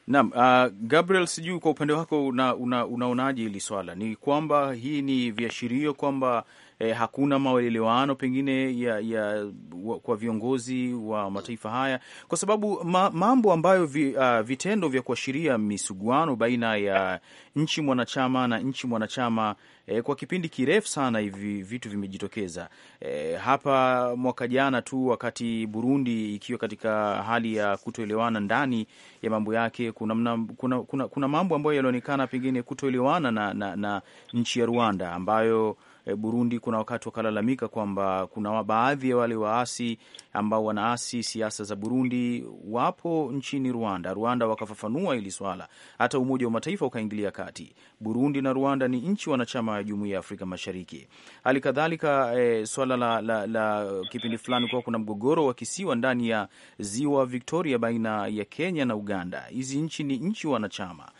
Naam, uh, Gabriel, sijui kwa upande wako unaonaje una, hili swala ni kwamba hii ni viashirio kwamba eh, hakuna maelewano pengine ya, ya wa, kwa viongozi wa mataifa haya, kwa sababu ma, mambo ambayo vi, uh, vitendo vya kuashiria misuguano baina ya nchi mwanachama na nchi mwanachama e, kwa kipindi kirefu sana hivi vitu vimejitokeza e, hapa mwaka jana tu wakati Burundi ikiwa katika hali ya kutoelewana ndani ya mambo yake, kuna, mna, kuna, kuna, kuna mambo ambayo yalionekana pengine kutoelewana na, na, na nchi ya Rwanda ambayo e, Burundi kuna wakati wakalalamika kwamba kuna baadhi ya wale waasi ambao wanaasi siasa za Burundi wapo nchini Rwanda. Rwanda wakafafanua hili swala, hata Umoja wa Mataifa ukaingilia kati. Burundi na Rwanda ni nchi wanachama ya Jumuiya ya Afrika Mashariki. Hali kadhalika e, swala la, la, la kipindi fulani kuwa kuna mgogoro wa kisiwa ndani ya ziwa Victoria baina ya Kenya na Uganda. Hizi nchi ni nchi wanachama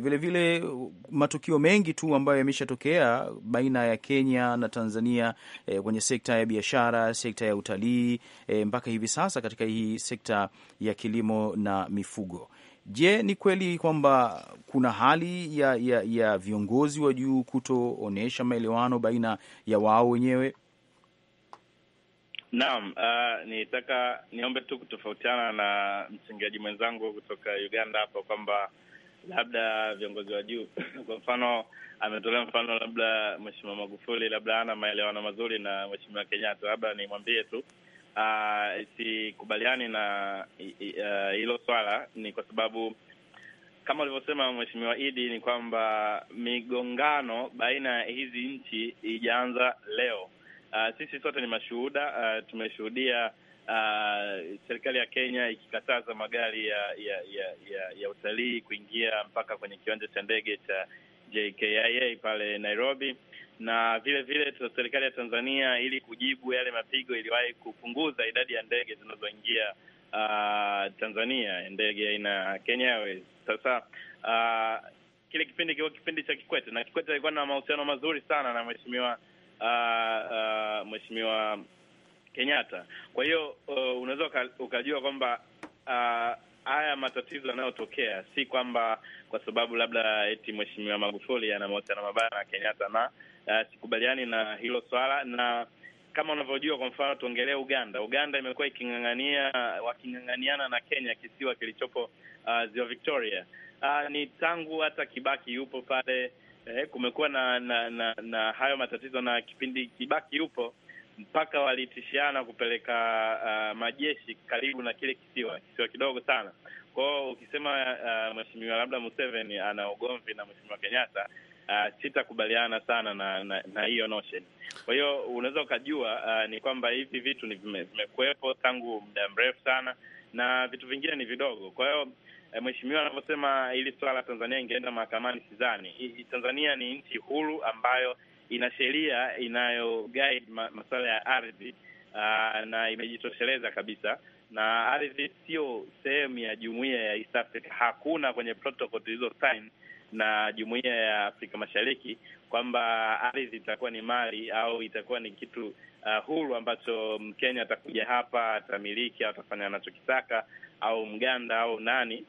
vilevile. Eh, e, vile, matukio mengi tu ambayo yameshatokea baina ya Kenya Kenya na Tanzania e, kwenye sekta ya biashara, sekta ya utalii e, mpaka hivi sasa katika hii sekta ya kilimo na mifugo. Je, ni kweli kwamba kuna hali ya, ya, ya viongozi wa juu kutoonyesha maelewano baina ya wao wenyewe? Naam, uh, nitaka niombe tu kutofautiana na mchangiaji mwenzangu kutoka Uganda hapo kwamba labda viongozi wa juu (laughs) kwa mfano ametolea mfano labda Mheshimiwa Magufuli labda ana maelewano mazuri na Mheshimiwa Kenyatta, labda nimwambie tu ah, sikubaliani na ah, hilo swala, ni kwa sababu kama ulivyosema Mheshimiwa Idi ni kwamba migongano baina ya hizi nchi ijaanza leo. Uh, sisi sote ni mashuhuda. uh, tumeshuhudia uh, serikali ya Kenya ikikataza magari ya ya ya, ya, ya utalii kuingia mpaka kwenye kiwanja cha ndege cha JKIA pale Nairobi, na vile vile serikali ya Tanzania ili kujibu yale mapigo iliwahi kupunguza idadi ya ndege zinazoingia uh, Tanzania, ndege aina ya Kenya Airways. Sasa uh, kile kipindi kilikuwa kipindi cha Kikwete na Kikwete alikuwa na mahusiano mazuri sana na mheshimiwa uh, uh, mheshimiwa Kenyatta. Kwa hiyo uh, unaweza ukajua kwamba uh, haya matatizo yanayotokea si kwamba kwa sababu labda eti Mheshimiwa Magufuli ana mahusiano mabaya na Kenyatta na uh, sikubaliani na hilo swala na kama unavyojua kwa mfano, tuongelee Uganda. Uganda imekuwa iking'ang'ania waking'ang'aniana na Kenya kisiwa kilichopo uh, ziwa Victoria. Uh, ni tangu hata Kibaki yupo pale eh, kumekuwa na na, na na hayo matatizo, na kipindi Kibaki yupo mpaka walitishiana kupeleka uh, majeshi karibu na kile kisiwa, kisiwa kidogo sana kwao. Ukisema uh, mheshimiwa labda Museveni ana ugomvi na mheshimiwa Kenyatta, uh, sitakubaliana sana na hiyo na, hiyo notion. Kwa hiyo unaweza ukajua uh, ni kwamba hivi vitu ni vimekuwepo tangu muda mrefu sana na vitu vingine ni vidogo. Kwa hiyo uh, mheshimiwa anavyosema ili swala Tanzania ingeenda mahakamani, sidhani. Tanzania ni nchi huru ambayo ina sheria inayo guide ma, masuala ya ardhi uh, na imejitosheleza kabisa na ardhi sio sehemu ya jumuiya ya East Africa. Hakuna kwenye protocol tulizo sign na jumuiya ya Afrika Mashariki kwamba ardhi itakuwa ni mali au itakuwa ni kitu uh, huru ambacho Mkenya atakuja hapa atamiliki au atafanya anachokitaka au Mganda au nani.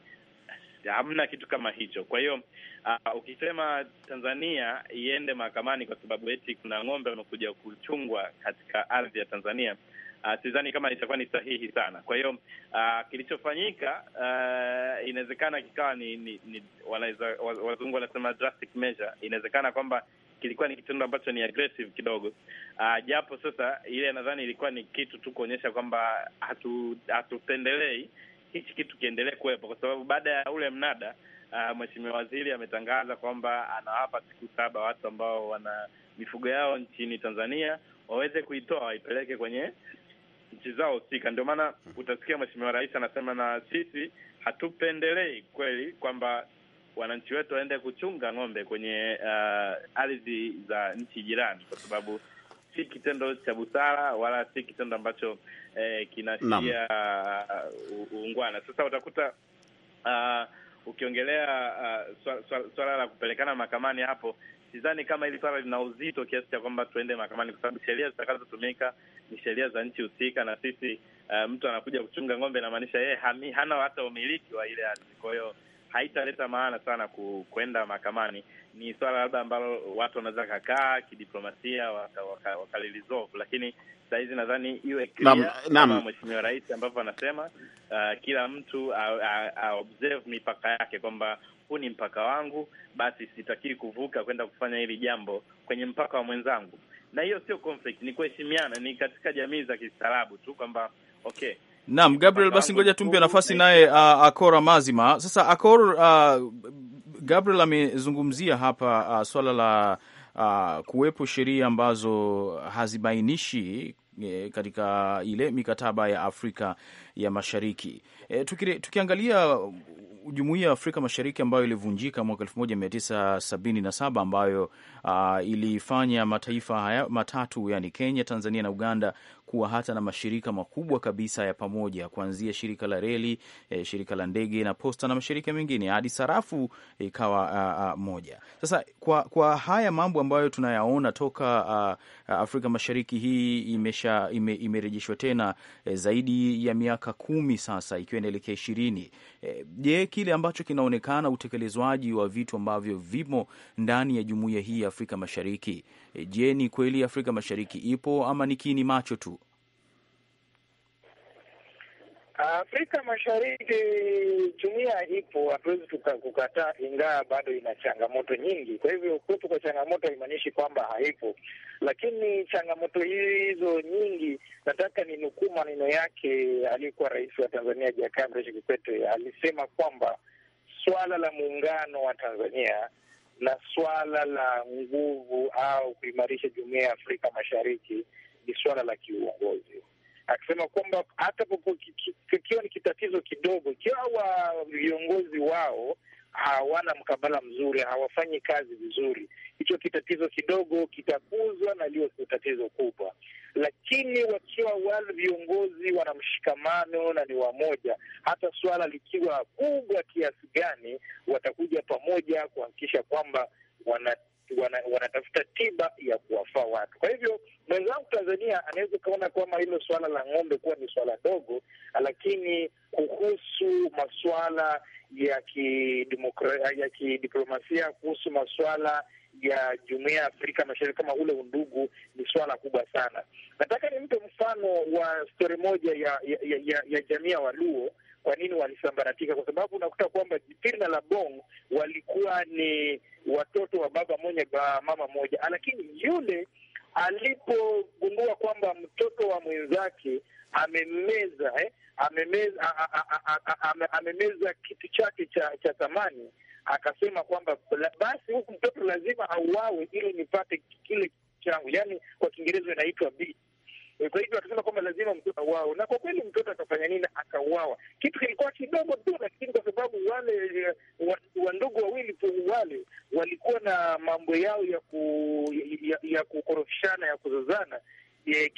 Hamna kitu kama hicho. Kwa hiyo uh, ukisema Tanzania iende mahakamani kwa sababu eti kuna ng'ombe wamekuja kuchungwa katika ardhi ya Tanzania, uh, sidhani kama itakuwa ni sahihi sana. Kwa hiyo uh, kilichofanyika uh, inawezekana kikawa ni, ni, ni wazungu wanasema drastic measure, inawezekana kwamba kilikuwa ni kitendo ambacho ni aggressive kidogo, uh, japo sasa ile nadhani ilikuwa ni kitu tu kuonyesha kwamba hatupendelei hatu hichi kitu kiendelee kuwepo, kwa sababu baada ya ule mnada uh, mheshimiwa waziri ametangaza kwamba anawapa siku saba watu ambao wana mifugo yao nchini Tanzania waweze kuitoa waipeleke kwenye nchi zao husika. Ndio maana utasikia Mheshimiwa Rais anasema na sisi hatupendelei kweli kwamba wananchi wetu waende kuchunga ng'ombe kwenye uh, ardhi za nchi jirani, kwa sababu si kitendo cha busara wala si kitendo ambacho eh, kinaashiria uungwana. Sasa utakuta uh, ukiongelea uh, swala, swala la kupelekana mahakamani hapo sidhani kama hili swala lina uzito kiasi cha kwamba tuende mahakamani, kwa sababu sheria zitakazotumika ni sheria za nchi husika, na sisi uh, mtu anakuja kuchunga ng'ombe, inamaanisha yeye hana hata umiliki wa ile ardhi, kwa hiyo haitaleta maana sana ku, kuenda mahakamani. Ni swala labda ambalo watu wanaweza kakaa kidiplomasia wakalilizovu waka, waka, lakini sahizi nadhani iwe kama Mheshimiwa Rais ambavyo anasema uh, kila mtu a, a, a observe mipaka yake kwamba huu ni mpaka wangu, basi sitakii kuvuka kwenda kufanya hili jambo kwenye mpaka wa mwenzangu. Na hiyo sio conflict, ni kuheshimiana, ni katika jamii za kistaarabu tu kwamba okay. Naam, Gabriel, basi ngoja tumpe nafasi naye uh, Akora Mazima. Sasa Akor, uh, Gabriel amezungumzia hapa uh, swala la uh, kuwepo sheria ambazo hazibainishi eh, katika ile mikataba ya Afrika ya Mashariki e, eh, tuki, tukiangalia jumuia ya Afrika Mashariki ambayo ilivunjika mwaka saba ambayo uh, ilifanya mataifa haya matatu yani Kenya, Tanzania na Uganda kuwa hata na mashirika makubwa kabisa ya pamoja kuanzia shirika la reli e, shirika la ndege na posta na mashirika mengine hadi sarafu ikawa uh, uh, moja. Sasa kwa, kwa haya mambo ambayo tunayaona toka uh, Afrika Mashariki hii imesha ime, imerejeshwa tena e, zaidi ya miaka kumi sasa ikiwa inaelekea ishirini E, je, e, kile ambacho kinaonekana utekelezwaji wa vitu ambavyo vimo ndani ya jumuiya hii ya Afrika Mashariki, e, je, ni kweli Afrika Mashariki ipo ama ni kini macho tu? Afrika Mashariki jumuiya ipo, hatuwezi kukataa, ingawa bado ina changamoto nyingi. Kwa hivyo kuwepo kwa changamoto haimaanishi kwamba haipo, lakini changamoto hizo nyingi, nataka ni nukuu maneno yake aliyekuwa rais wa Tanzania Jakaya Mrisho Kikwete, alisema kwamba swala la muungano wa Tanzania na swala la nguvu au kuimarisha jumuiya ya Afrika Mashariki ni swala la kiuongozi akisema kwamba hata kikiwa ni kitatizo kidogo, ikiwa viongozi wao hawana mkabala mzuri, hawafanyi kazi vizuri, hicho kitatizo kidogo kitakuzwa na liwe tatizo kubwa. Lakini wakiwa wale viongozi wana mshikamano na ni wamoja, hata suala likiwa kubwa kiasi gani, watakuja pamoja kuhakikisha kwamba wana wana, wanatafuta tiba ya kuwafaa watu. Kwa hivyo mwenzangu Tanzania anaweza ukaona kwamba hilo suala la ng'ombe kuwa ni suala dogo, lakini kuhusu masuala ya kidemokra, ya kidiplomasia kuhusu masuala ya jumuiya ya Afrika Mashariki kama ule undugu ni swala kubwa sana. Nataka nimpe mfano wa stori moja ya, ya, ya, ya jamii ya Waluo kwa nini walisambaratika? Kwa sababu unakuta kwamba jipirna la Labong walikuwa ni watoto wa baba moja ba mama moja, lakini yule alipogundua kwamba mtoto wa mwenzake amemeza eh, amemeza amemeza kitu chake cha cha thamani, akasema kwamba basi huku mtoto lazima auawe ili nipate kile changu, yani kwa Kiingereza inaitwa bit Eh, kwa hivyo akasema kwamba lazima mtoto auawe, na kwa kweli mtoto akafanya nini? Akauawa. Kitu kilikuwa kidogo tu, lakini kwa sababu wale eh, wandugu wawili tu wale walikuwa na mambo yao ya ku, ya, ya kukorofishana ya kuzozana, e,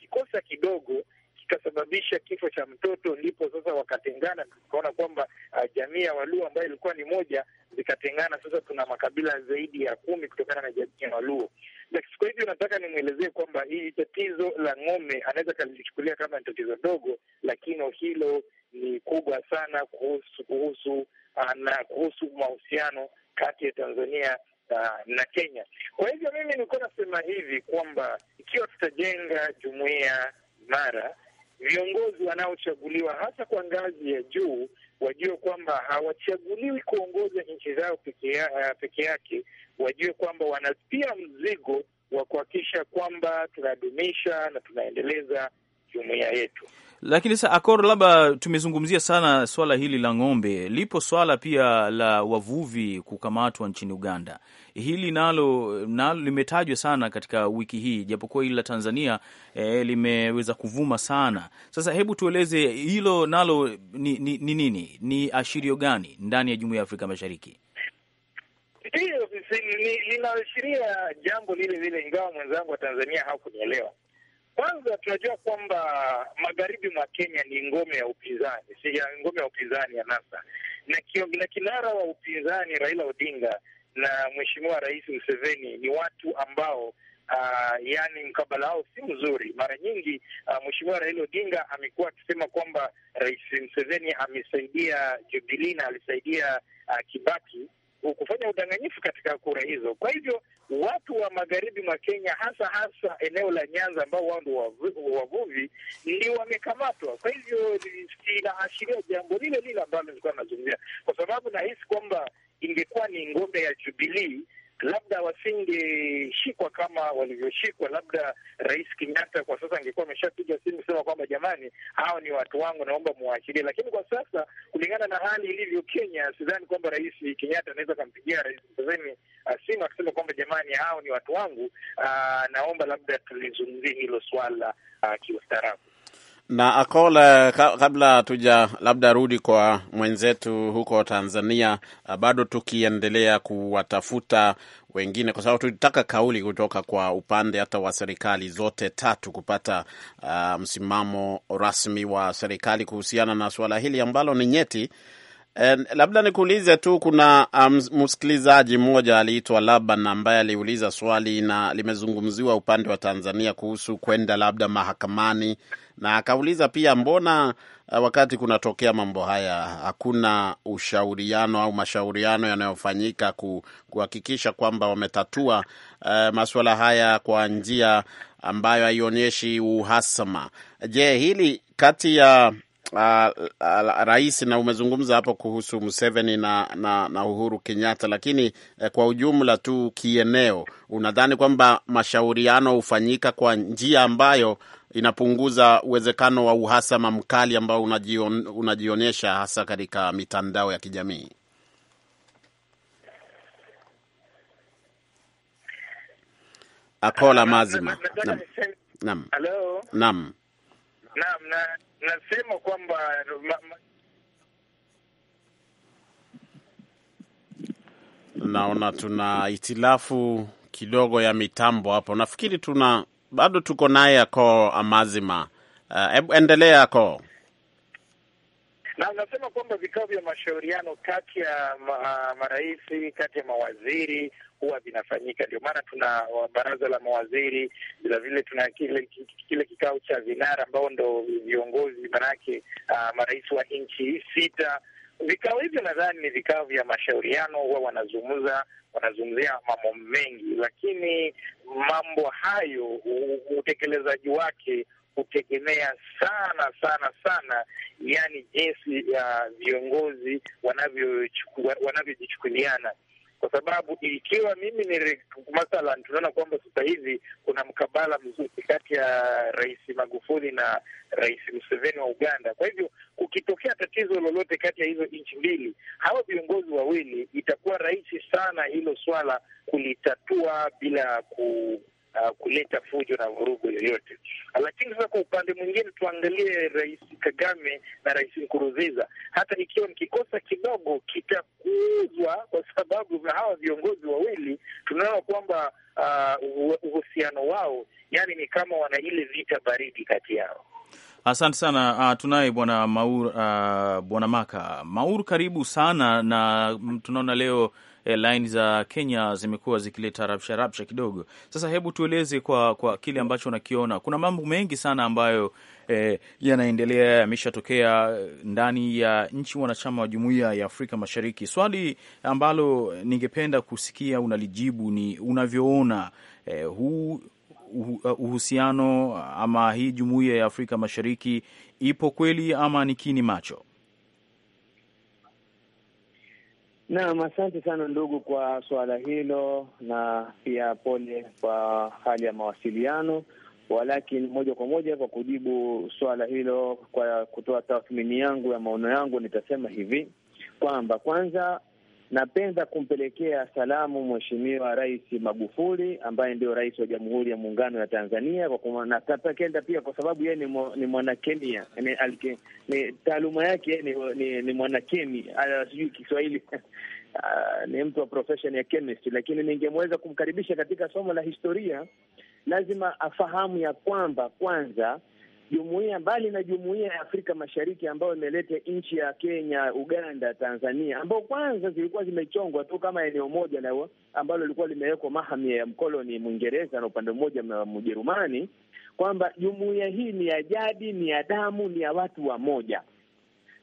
kikosa kidogo kikasababisha kifo cha mtoto. Ndipo sasa wakatengana, tukaona kwamba uh, jamii ya Waluo ambayo ilikuwa ni moja zikatengana. Sasa tuna makabila zaidi ya kumi kutokana na jamii ya Waluo lakini kwa hivyo nataka nimwelezee kwamba hili tatizo la ng'ome anaweza akalichukulia kama ni tatizo dogo, lakini hilo ni kubwa sana kuhusu kuhusu ah, na kuhusu mahusiano kati ya Tanzania ah, na Kenya. Kwa hivyo mimi nilikuwa nasema hivi kwamba ikiwa tutajenga jumuiya mara, viongozi wanaochaguliwa hasa kwa ngazi ya juu wajue kwamba hawachaguliwi kuongoza nchi zao peke ya, eh, peke yake. Wajue kwamba wana pia mzigo wa kuhakikisha kwamba tunadumisha na tunaendeleza jumuiya yetu. Lakini sasa Akor, labda tumezungumzia sana swala hili la ng'ombe, lipo swala pia la wavuvi kukamatwa nchini Uganda. Hili nalo nalo limetajwa sana katika wiki hii, japokuwa hili la Tanzania eh, limeweza kuvuma sana. Sasa hebu tueleze hilo nalo ni nini? Ni, ni, nini, ni ashirio gani ndani ya jumuiya ya Afrika Mashariki? Hiyo linaashiria jambo lile lile, ingawa mwenzangu wa Tanzania hakunielewa kwanza tunajua kwamba magharibi mwa Kenya ni ngome ya upinzani, si ya ngome ya upinzani ya NASA na, kio, na kinara wa upinzani Raila Odinga na mheshimiwa Rais Museveni ni watu ambao Uh, ah, yani mkabala wao si mzuri. Mara nyingi uh, mheshimiwa Raila Odinga amekuwa akisema kwamba Rais Museveni amesaidia Jubilee na alisaidia uh, Kibaki kufanya udanganyifu katika kura hizo. Kwa hivyo watu wa magharibi mwa Kenya, hasa hasa eneo la Nyanza, ambao wao ndio wavuvi, ndio wamekamatwa. Kwa hivyo inaashiria jambo lile lile ambalo nilikuwa nazungumzia, kwa sababu nahisi kwamba ingekuwa ni ngombe ya Jubilii labda wasingeshikwa kama walivyoshikwa. Labda Rais Kenyatta kwa sasa angekuwa ameshapiga simu kusema kwamba jamani, hawa ni watu wangu, naomba muwaachilie. Lakini kwa sasa kulingana na hali ilivyo Kenya, sidhani kwamba Rais Kenyatta anaweza akampigia Rais Museveni uh, simu akisema kwamba jamani, hao ni watu wangu, uh, naomba labda tulizungumzie hilo swala uh, kiustaarabu na Akola, kabla tuja labda rudi kwa mwenzetu huko Tanzania, eh, bado tukiendelea kuwatafuta wengine, kwa sababu tulitaka kauli kutoka kwa upande hata wa serikali zote tatu kupata uh, msimamo rasmi wa serikali kuhusiana na suala hili ambalo ni nyeti. And eh, labda nikuulize tu, kuna um, msikilizaji mmoja aliitwa Laban ambaye aliuliza swali na limezungumziwa upande wa Tanzania kuhusu kwenda labda mahakamani na akauliza pia, mbona eh, wakati kunatokea mambo haya hakuna ushauriano au mashauriano yanayofanyika kuhakikisha kwamba wametatua uh, eh, masuala haya kwa njia ambayo haionyeshi uhasama. Je, hili kati ya uh, uh, rais na umezungumza hapo kuhusu Museveni na, na, na Uhuru Kenyatta, lakini uh, kwa ujumla tu kieneo, unadhani kwamba mashauriano hufanyika kwa njia ambayo inapunguza uwezekano wa uhasama mkali ambao unajion, unajionyesha hasa katika mitandao ya kijamii? Akola mazima. Naam. Naam. Hello. Naam. Naam, na nasema kwamba naona tuna hitilafu kidogo ya mitambo hapo. Nafikiri tuna bado tuko naye ako amazima. Uh, endelea ako na nasema kwamba vikao vya mashauriano kati ya ma, marais kati ya mawaziri huwa vinafanyika. Ndio maana tuna baraza la mawaziri, vilevile tuna kile kile kikao cha vinara ambao ndo viongozi, maanake uh, marais wa nchi sita Vikao hivyo nadhani ni vikao vya mashauriano, huwa wanazungumza wanazungumzia mambo mengi, lakini mambo hayo utekelezaji wake hutegemea sana sana sana, yani jinsi ya viongozi wanavyojichukuliana wanavyo kwa sababu ikiwa mimi ni mathalan, tunaona kwamba sasa hivi kuna mkabala mzuri kati ya Rais Magufuli na Rais Museveni wa Uganda. Kwa hivyo kukitokea tatizo lolote kati ya hizo nchi mbili, hawa viongozi wawili, itakuwa rahisi sana hilo swala kulitatua bila ku uh, kuleta fujo na vurugu yoyote. Uh, lakini sasa kwa upande mwingine tuangalie Rais Kagame na Rais Nkurunziza, hata ikiwa kikosa kidogo kitakuuzwa kwa sababu za hawa viongozi wawili, tunaona kwamba uh, uhusiano wao yani ni kama wana ile vita baridi kati yao. Asante sana. Uh, tunaye bwana Maur, uh, bwana Maka Maur, karibu sana na mm, tunaona leo airline eh, za Kenya zimekuwa zikileta rabsha rabsha kidogo. Sasa hebu tueleze kwa, kwa kile ambacho unakiona, kuna mambo mengi sana ambayo eh, yanaendelea yameshatokea eh, ndani ya nchi wanachama wa jumuiya ya Afrika Mashariki. Swali ambalo ningependa kusikia unalijibu ni unavyoona eh, huu uh, uhusiano ama hii jumuiya ya Afrika Mashariki ipo kweli ama ni kini macho? Naam, asante sana ndugu kwa suala hilo, na pia pole kwa hali ya mawasiliano. Walakini, moja kwa moja kwa kujibu suala hilo, kwa kutoa tathmini yangu ya maono yangu, nitasema hivi kwamba kwanza Napenda kumpelekea salamu Mheshimiwa Rais Magufuli ambaye ndio rais wa Jamhuri ya Muungano ya Tanzania, napenda pia kwa sababu yeye ni mwanakemia, taaluma yake ni mwanakemia, sijui Kiswahili (laughs) ah, ni mtu wa profession ya chemistry, lakini ningemweza kumkaribisha katika somo la historia. Lazima afahamu ya kwamba kwanza jumuiya mbali na jumuiya ya Afrika Mashariki ambayo imeleta nchi ya Kenya, Uganda, Tanzania, ambao kwanza zilikuwa zimechongwa tu kama eneo moja na ambalo lilikuwa limewekwa mahamia ya mkoloni Mwingereza na upande mmoja na Mjerumani, kwamba jumuiya hii ni ya jadi, ni ya damu, ni ya watu wa moja.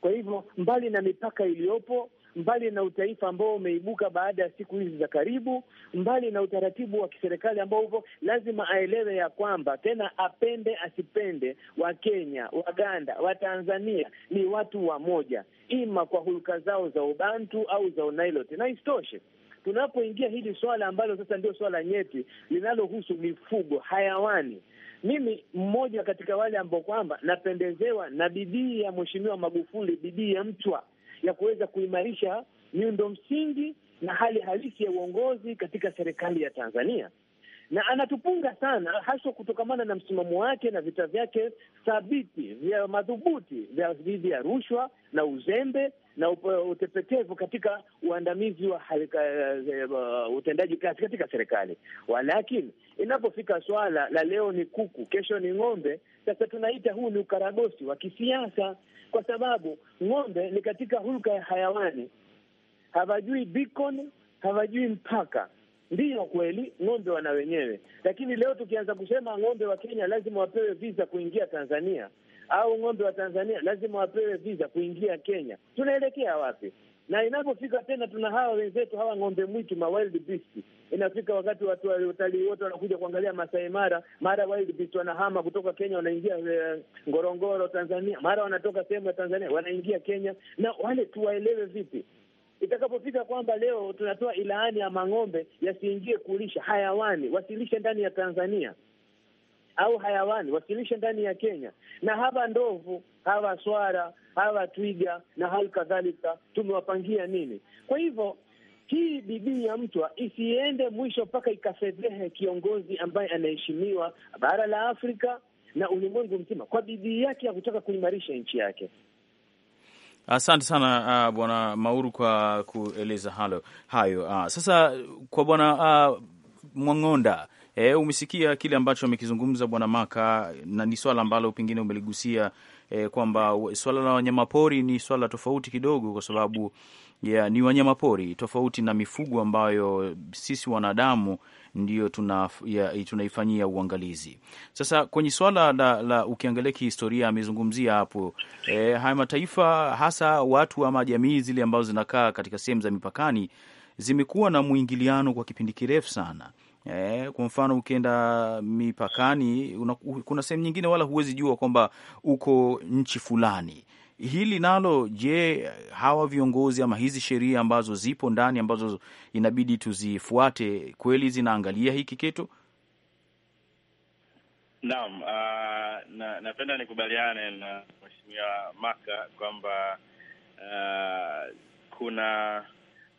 Kwa hivyo mbali na mipaka iliyopo mbali na utaifa ambao umeibuka baada ya siku hizi za karibu, mbali na utaratibu wa kiserikali ambao upo, lazima aelewe ya kwamba tena, apende asipende, Wakenya, Waganda, Watanzania ni watu wamoja, ima kwa hulka zao za ubantu au za unailoti, na isitoshe tunapoingia hili swala ambalo sasa ndio swala nyeti linalohusu mifugo hayawani. Mimi mmoja katika wale ambao kwamba napendezewa na bidii ya Mheshimiwa Magufuli, bidii ya mchwa ya kuweza kuimarisha miundo msingi na hali halisi ya uongozi katika serikali ya Tanzania na anatupunga sana haswa kutokamana na msimamo wake na vita vyake thabiti vya madhubuti vya dhidi ya rushwa na uzembe na utepetevu katika uandamizi wa halika, uh, utendaji kazi katika serikali. Walakini, inapofika swala la leo ni kuku, kesho ni ng'ombe, sasa tunaita huu ni ukaragosi wa kisiasa, kwa sababu ng'ombe ni katika hulka ya hayawani, hawajui beacon, hawajui mpaka. Ndiyo kweli ng'ombe wana wenyewe, lakini leo tukianza kusema ng'ombe wa Kenya lazima wapewe visa kuingia Tanzania au ng'ombe wa Tanzania lazima wapewe visa kuingia Kenya, tunaelekea wapi? na inapofika tena, tuna hawa wenzetu hawa ng'ombe mwitu ma wild beast. Inafika wakati watu watalii wote wanakuja kuangalia Masai Mara, mara wild beast wanahama kutoka Kenya wanaingia uh, Ngorongoro Tanzania, mara wanatoka sehemu ya Tanzania wanaingia Kenya, na wale tuwaelewe vipi? Itakapofika kwamba leo tunatoa ilaani ya mang'ombe yasiingie kulisha hayawani, wasilishe ndani ya Tanzania au hayawani wasilishe ndani ya Kenya, na hawa ndovu hawa swara hawa twiga na hali kadhalika, tumewapangia nini? Kwa hivyo hii bidii ya Mtwa isiende mwisho mpaka ikafedhehe kiongozi ambaye anaheshimiwa bara la Afrika na ulimwengu mzima kwa bidii yake ya kutaka kuimarisha nchi yake. Asante sana uh, Bwana Mauru kwa kueleza halo hayo. Uh, sasa kwa Bwana uh, Mwang'onda E, umesikia kile ambacho amekizungumza Bwana Maka na ni swala ambalo pengine umeligusia e, kwamba swala la wanyamapori ni swala tofauti kidogo kwa sababu yeah, ni wanyamapori tofauti na mifugo ambayo sisi wanadamu ndio tuna, tunaifanyia uangalizi. Sasa kwenye swala la, la ukiangalia kihistoria amezungumzia hapo e, haya mataifa hasa watu ama jamii zile ambazo zinakaa katika sehemu za mipakani zimekuwa na mwingiliano kwa kipindi kirefu sana Eh, kwa mfano ukienda mipakani una, kuna sehemu nyingine wala huwezi jua kwamba uko nchi fulani. Hili nalo je, hawa viongozi ama hizi sheria ambazo zipo ndani ambazo inabidi tuzifuate kweli zinaangalia hiki kitu? Naam, uh, napenda nikubaliane na Mheshimiwa Maka kwamba uh, kuna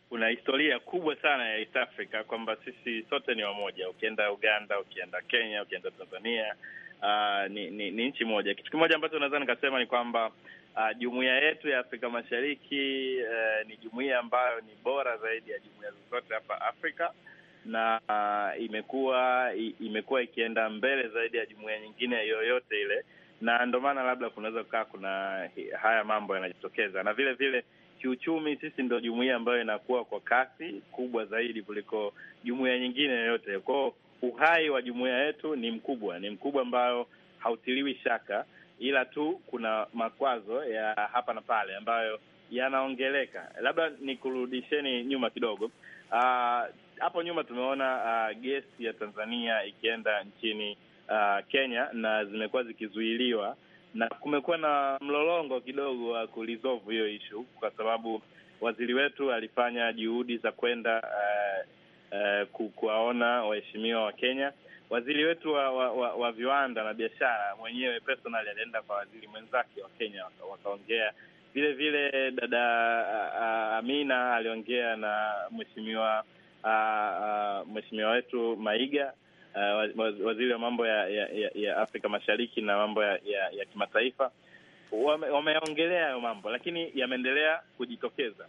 kuna historia kubwa sana ya East Africa kwamba sisi sote ni wamoja. Ukienda Uganda, ukienda Kenya, ukienda Tanzania, uh, ni, ni, ni nchi moja. Kitu kimoja ambacho naweza nikasema ni kwamba uh, ah, jumuiya yetu ya Afrika Mashariki uh, ni jumuiya ambayo ni bora zaidi ya jumuiya zozote hapa Afrika na uh, imekuwa imekuwa ikienda mbele zaidi ya jumuiya nyingine yoyote ile, na ndo maana labda kunaweza kukaa kuna haya mambo yanajitokeza, na vile vile Kiuchumi sisi ndo jumuia ambayo inakuwa kwa kasi kubwa zaidi kuliko jumuia nyingine yoyote. Kwao uhai wa jumuia yetu ni mkubwa, ni mkubwa ambayo hautiliwi shaka, ila tu kuna makwazo ya hapa na pale ambayo yanaongeleka. Labda nikurudisheni nyuma kidogo. Uh, hapo nyuma tumeona uh, gesi ya Tanzania ikienda nchini uh, Kenya na zimekuwa zikizuiliwa na kumekuwa na mlolongo kidogo wa kulizovu hiyo ishu, kwa sababu waziri wetu alifanya juhudi za kwenda uh, uh, kuwaona waheshimiwa wa Kenya. Waziri wetu wa, wa, wa, wa viwanda na biashara mwenyewe personally alienda kwa waziri mwenzake wa Kenya wakaongea vile vile dada uh, Amina aliongea na mheshimiwa uh, uh, mheshimiwa wetu Maiga uh, waziri wa mambo ya, ya, ya Afrika Mashariki na mambo ya, ya, ya kimataifa wameongelea hayo mambo, lakini yameendelea kujitokeza.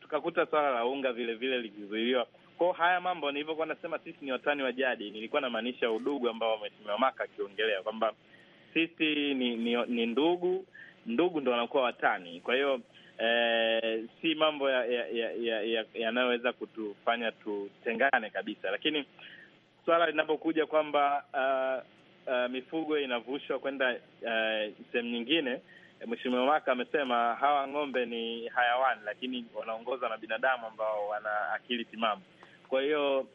Tukakuta swala la unga vilevile likizuiliwa ko Haya mambo nilivyokuwa nasema, sisi ni watani wa jadi, nilikuwa namaanisha udugu ambao mheshimiwa Maka akiongelea kwamba sisi ni, ni, ni ndugu ndugu ndo wanakuwa watani. Kwa hiyo eh, si mambo yanayoweza ya, ya, ya, ya, ya kutufanya tutengane kabisa, lakini swala linapokuja kwamba uh, uh, mifugo inavushwa kwenda uh, sehemu nyingine, Mheshimiwa Maka amesema hawa ng'ombe ni hayawani, lakini wanaongozwa na binadamu ambao wana akili timamu. Kwa hiyo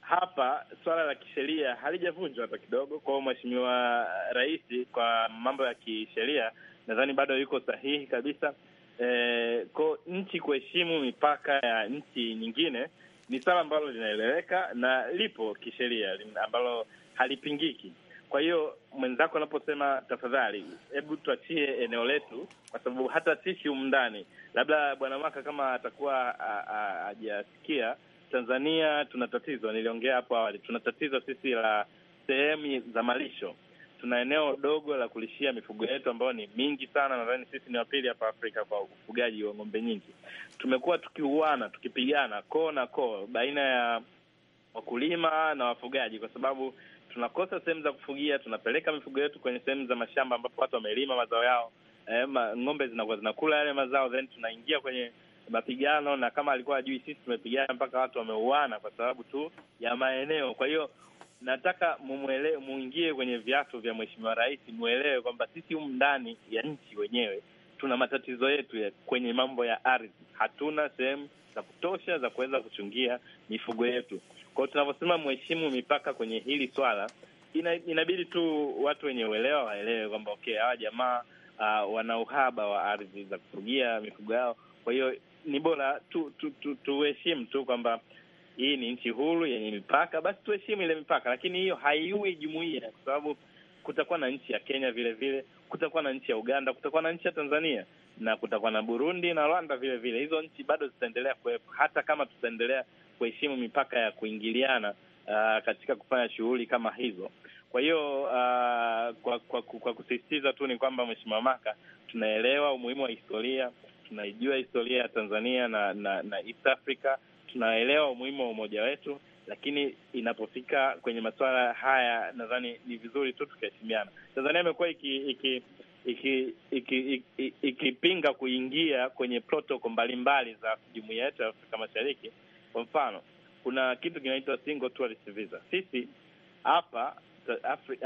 hapa swala la kisheria halijavunjwa hata kidogo. Kwa hiyo Mheshimiwa Rais kwa mambo ya kisheria nadhani bado yuko sahihi kabisa. E, eh, ko nchi kuheshimu mipaka ya nchi nyingine ni swala ambalo linaeleweka na lipo kisheria ambalo halipingiki. Kwa hiyo mwenzako anaposema tafadhali, hebu tuachie eneo letu, kwa sababu hata sisi humu ndani, labda bwana Maka kama atakuwa hajasikia, Tanzania tuna tatizo, niliongea hapo awali, tuna tatizo sisi la sehemu za malisho tuna eneo dogo la kulishia mifugo yetu ambayo ni mingi sana. Nadhani sisi ni wapili hapa Afrika kwa ufugaji wa ng'ombe nyingi. Tumekuwa tukiuana, tukipigana koo na koo baina ya wakulima na wafugaji, kwa sababu tunakosa sehemu za kufugia. Tunapeleka mifugo yetu kwenye sehemu za mashamba ambapo watu wamelima mazao yao, eh, ma, ng'ombe zinakuwa zinakula yale mazao, then tunaingia kwenye mapigano na kama alikuwa ajui, sisi tumepigana mpaka watu wameuana kwa sababu tu ya maeneo. Kwa hiyo nataka mumuele, muingie kwenye viatu vya mheshimiwa rais, muelewe kwamba sisi humu ndani ya nchi wenyewe tuna matatizo yetu ya kwenye mambo ya ardhi. Hatuna sehemu za kutosha za kuweza kuchungia mifugo yetu. kwao tunavyosema mheshimu mipaka kwenye hili swala, ina, inabidi tu watu wenye uelewa waelewe kwamba okay, hawa jamaa uh, wana uhaba wa ardhi za kufugia mifugo yao. Kwa hiyo ni bora tuheshimu tu, tu, tu, tu kwamba hii ni nchi huru yenye mipaka, basi tuheshimu ile mipaka, lakini hiyo haiui jumuiya, kwa sababu kutakuwa na nchi ya Kenya vile vile, kutakuwa na nchi ya Uganda, kutakuwa na nchi ya Tanzania na kutakuwa na Burundi na Rwanda vile vile. Hizo nchi bado zitaendelea kuwepo hata kama tutaendelea kuheshimu mipaka ya kuingiliana uh, katika kufanya shughuli kama hizo. Kwa hiyo uh, kwa, kwa, kwa kusisitiza tu ni kwamba Mheshimiwa Maka, tunaelewa umuhimu wa historia, tunaijua historia ya Tanzania na, na, na East Africa tunaelewa umuhimu wa umoja wetu, lakini inapofika kwenye masuala haya, nadhani ni vizuri tu tukaheshimiana. Tanzania imekuwa iki, iki ikipinga iki, iki, iki kuingia kwenye protoko mbalimbali za jumuiya yetu ya Afrika Mashariki. Kwa mfano, kuna kitu kinaitwa single tourist visa. Sisi hapa Afri,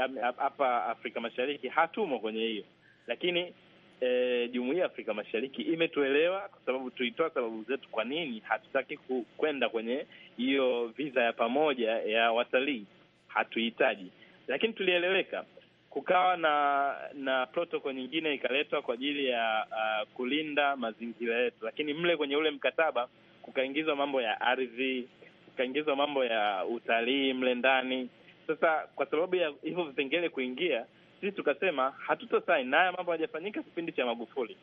Afrika Mashariki hatumo kwenye hiyo, lakini e, jumuiya ya Afrika Mashariki imetuelewa kwa sababu tulitoa sababu zetu kwa nini hatutaki kwenda kwenye hiyo visa ya pamoja ya watalii, hatuhitaji. Lakini tulieleweka, kukawa na na protokol nyingine ikaletwa kwa ajili ya uh, kulinda mazingira yetu, lakini mle kwenye ule mkataba kukaingizwa mambo ya ardhi, kukaingizwa mambo ya utalii mle ndani. Sasa kwa sababu ya hivyo vipengele kuingia sisi tukasema hatutasaini na haya mambo hajafanyika kipindi cha Magufuli,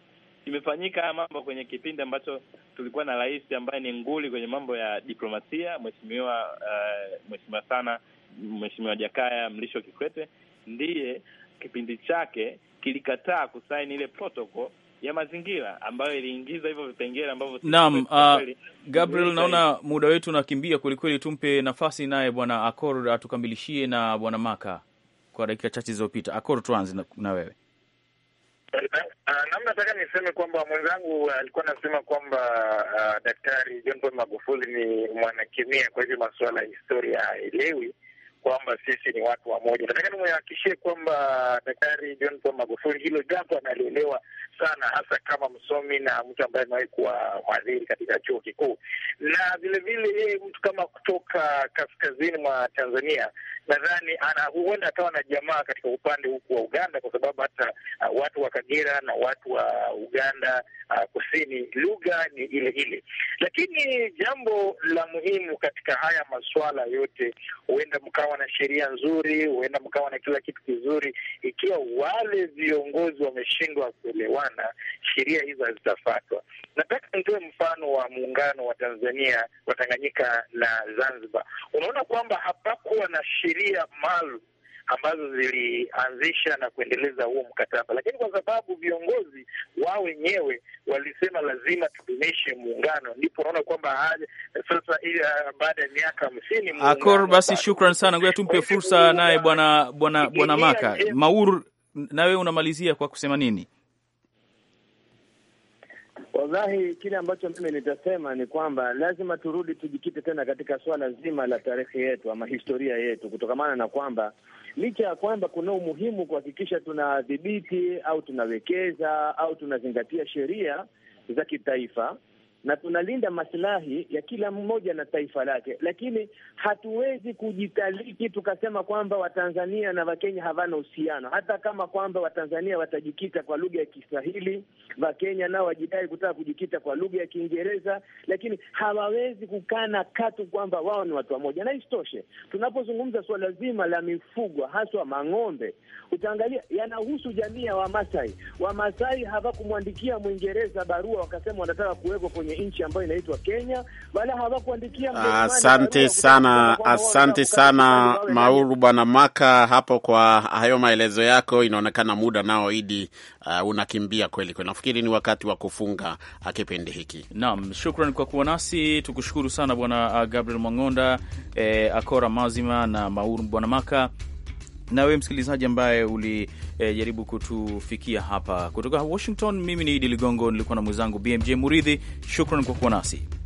imefanyika haya mambo kwenye kipindi ambacho tulikuwa na rais ambaye ni nguli kwenye mambo ya diplomasia, mheshimiwa uh, mheshimiwa sana mheshimiwa Jakaya Mlisho Kikwete ndiye kipindi chake kilikataa kusaini ile protocol ya mazingira ambayo iliingiza hivyo vipengele ambavyo. Naam, uh, Gabriel, naona muda wetu unakimbia kwelikweli, tumpe nafasi naye bwana Akor atukamilishie na bwana Maka kwa dakika chache zilizopita. Akoro, tuanze na, na wewe. Uh, eh, eh, namna taka niseme kwamba mwenzangu eh, alikuwa uh, anasema kwamba uh, Daktari John Pombe Magufuli ni mwanakemia, kwa hivyo masuala ya historia haelewi kwamba sisi ni watu wa moja. Nataka nimhakikishie kwamba Daktari John Pombe Magufuli hilo jambo analielewa sana, hasa kama msomi na mtu ambaye amewahi kuwa mwadhiri katika chuo kikuu, na vilevile yeye mtu kama kutoka kaskazini mwa Tanzania nadhani huenda akawa na jamaa katika upande huku wa Uganda, kwa sababu hata uh, watu wa Kagera na watu wa Uganda uh, kusini lugha ni ile ile. Lakini jambo la muhimu katika haya masuala yote, huenda mkawa na sheria nzuri, huenda mkawa na kila kitu kizuri, ikiwa wale viongozi wameshindwa kuelewana, sheria hizo hazitafatwa Nataka nitoe mfano wa muungano wa Tanzania wa Tanganyika na Zanzibar. Unaona kwamba hapakuwa na sheria familia maalum ambazo zilianzisha na kuendeleza huo mkataba, lakini kwa sababu viongozi wao wenyewe walisema lazima tudumishe muungano, ndipo naona kwamba sasa baada ya miaka hamsini akor. Basi shukran sana, ngoja tumpe fursa naye bwana bwana bwana Maka Maur, na wewe unamalizia kwa kusema nini? Wallahi, kile ambacho mimi nitasema ni kwamba lazima turudi tujikite tena katika swala zima la tarehe yetu ama historia yetu, kutokamana na kwamba licha ya kwamba kuna umuhimu kuhakikisha tunadhibiti au tunawekeza au tunazingatia sheria za kitaifa na tunalinda maslahi ya kila mmoja na taifa lake, lakini hatuwezi kujitaliki tukasema kwamba Watanzania na Wakenya hawana uhusiano, hata kama kwamba Watanzania watajikita kwa lugha ya Kiswahili, Wakenya nao wajidai kutaka kujikita kwa lugha ya Kiingereza, lakini hawawezi kukana katu kwamba wao ni watu wamoja. Na isitoshe, tunapozungumza suala zima la mifugo, haswa mang'ombe, utaangalia yanahusu jamii ya Wamasai. Wamasai hawakumwandikia Mwingereza barua wakasema wanataka kuwekwa kwenye kwenye nchi ambayo inaitwa Kenya, wala hawakuandikia. Asante sana, asante sana Mauru Bwana Maka hapo kwa hayo maelezo yako. Inaonekana muda nao Idi uh, unakimbia kweli kweli. Nafikiri ni wakati wa kufunga uh, kipindi hiki. Naam, shukran kwa kuwa nasi, tukushukuru sana Bwana uh, Gabriel Mwang'onda, eh, Akora Mazima na Mauru Bwana Maka na wewe msikilizaji ambaye ulijaribu e, kutufikia hapa kutoka Washington. Mimi ni Idi Ligongo, nilikuwa na mwenzangu BMJ Muridhi. Shukran kwa kuwa nasi.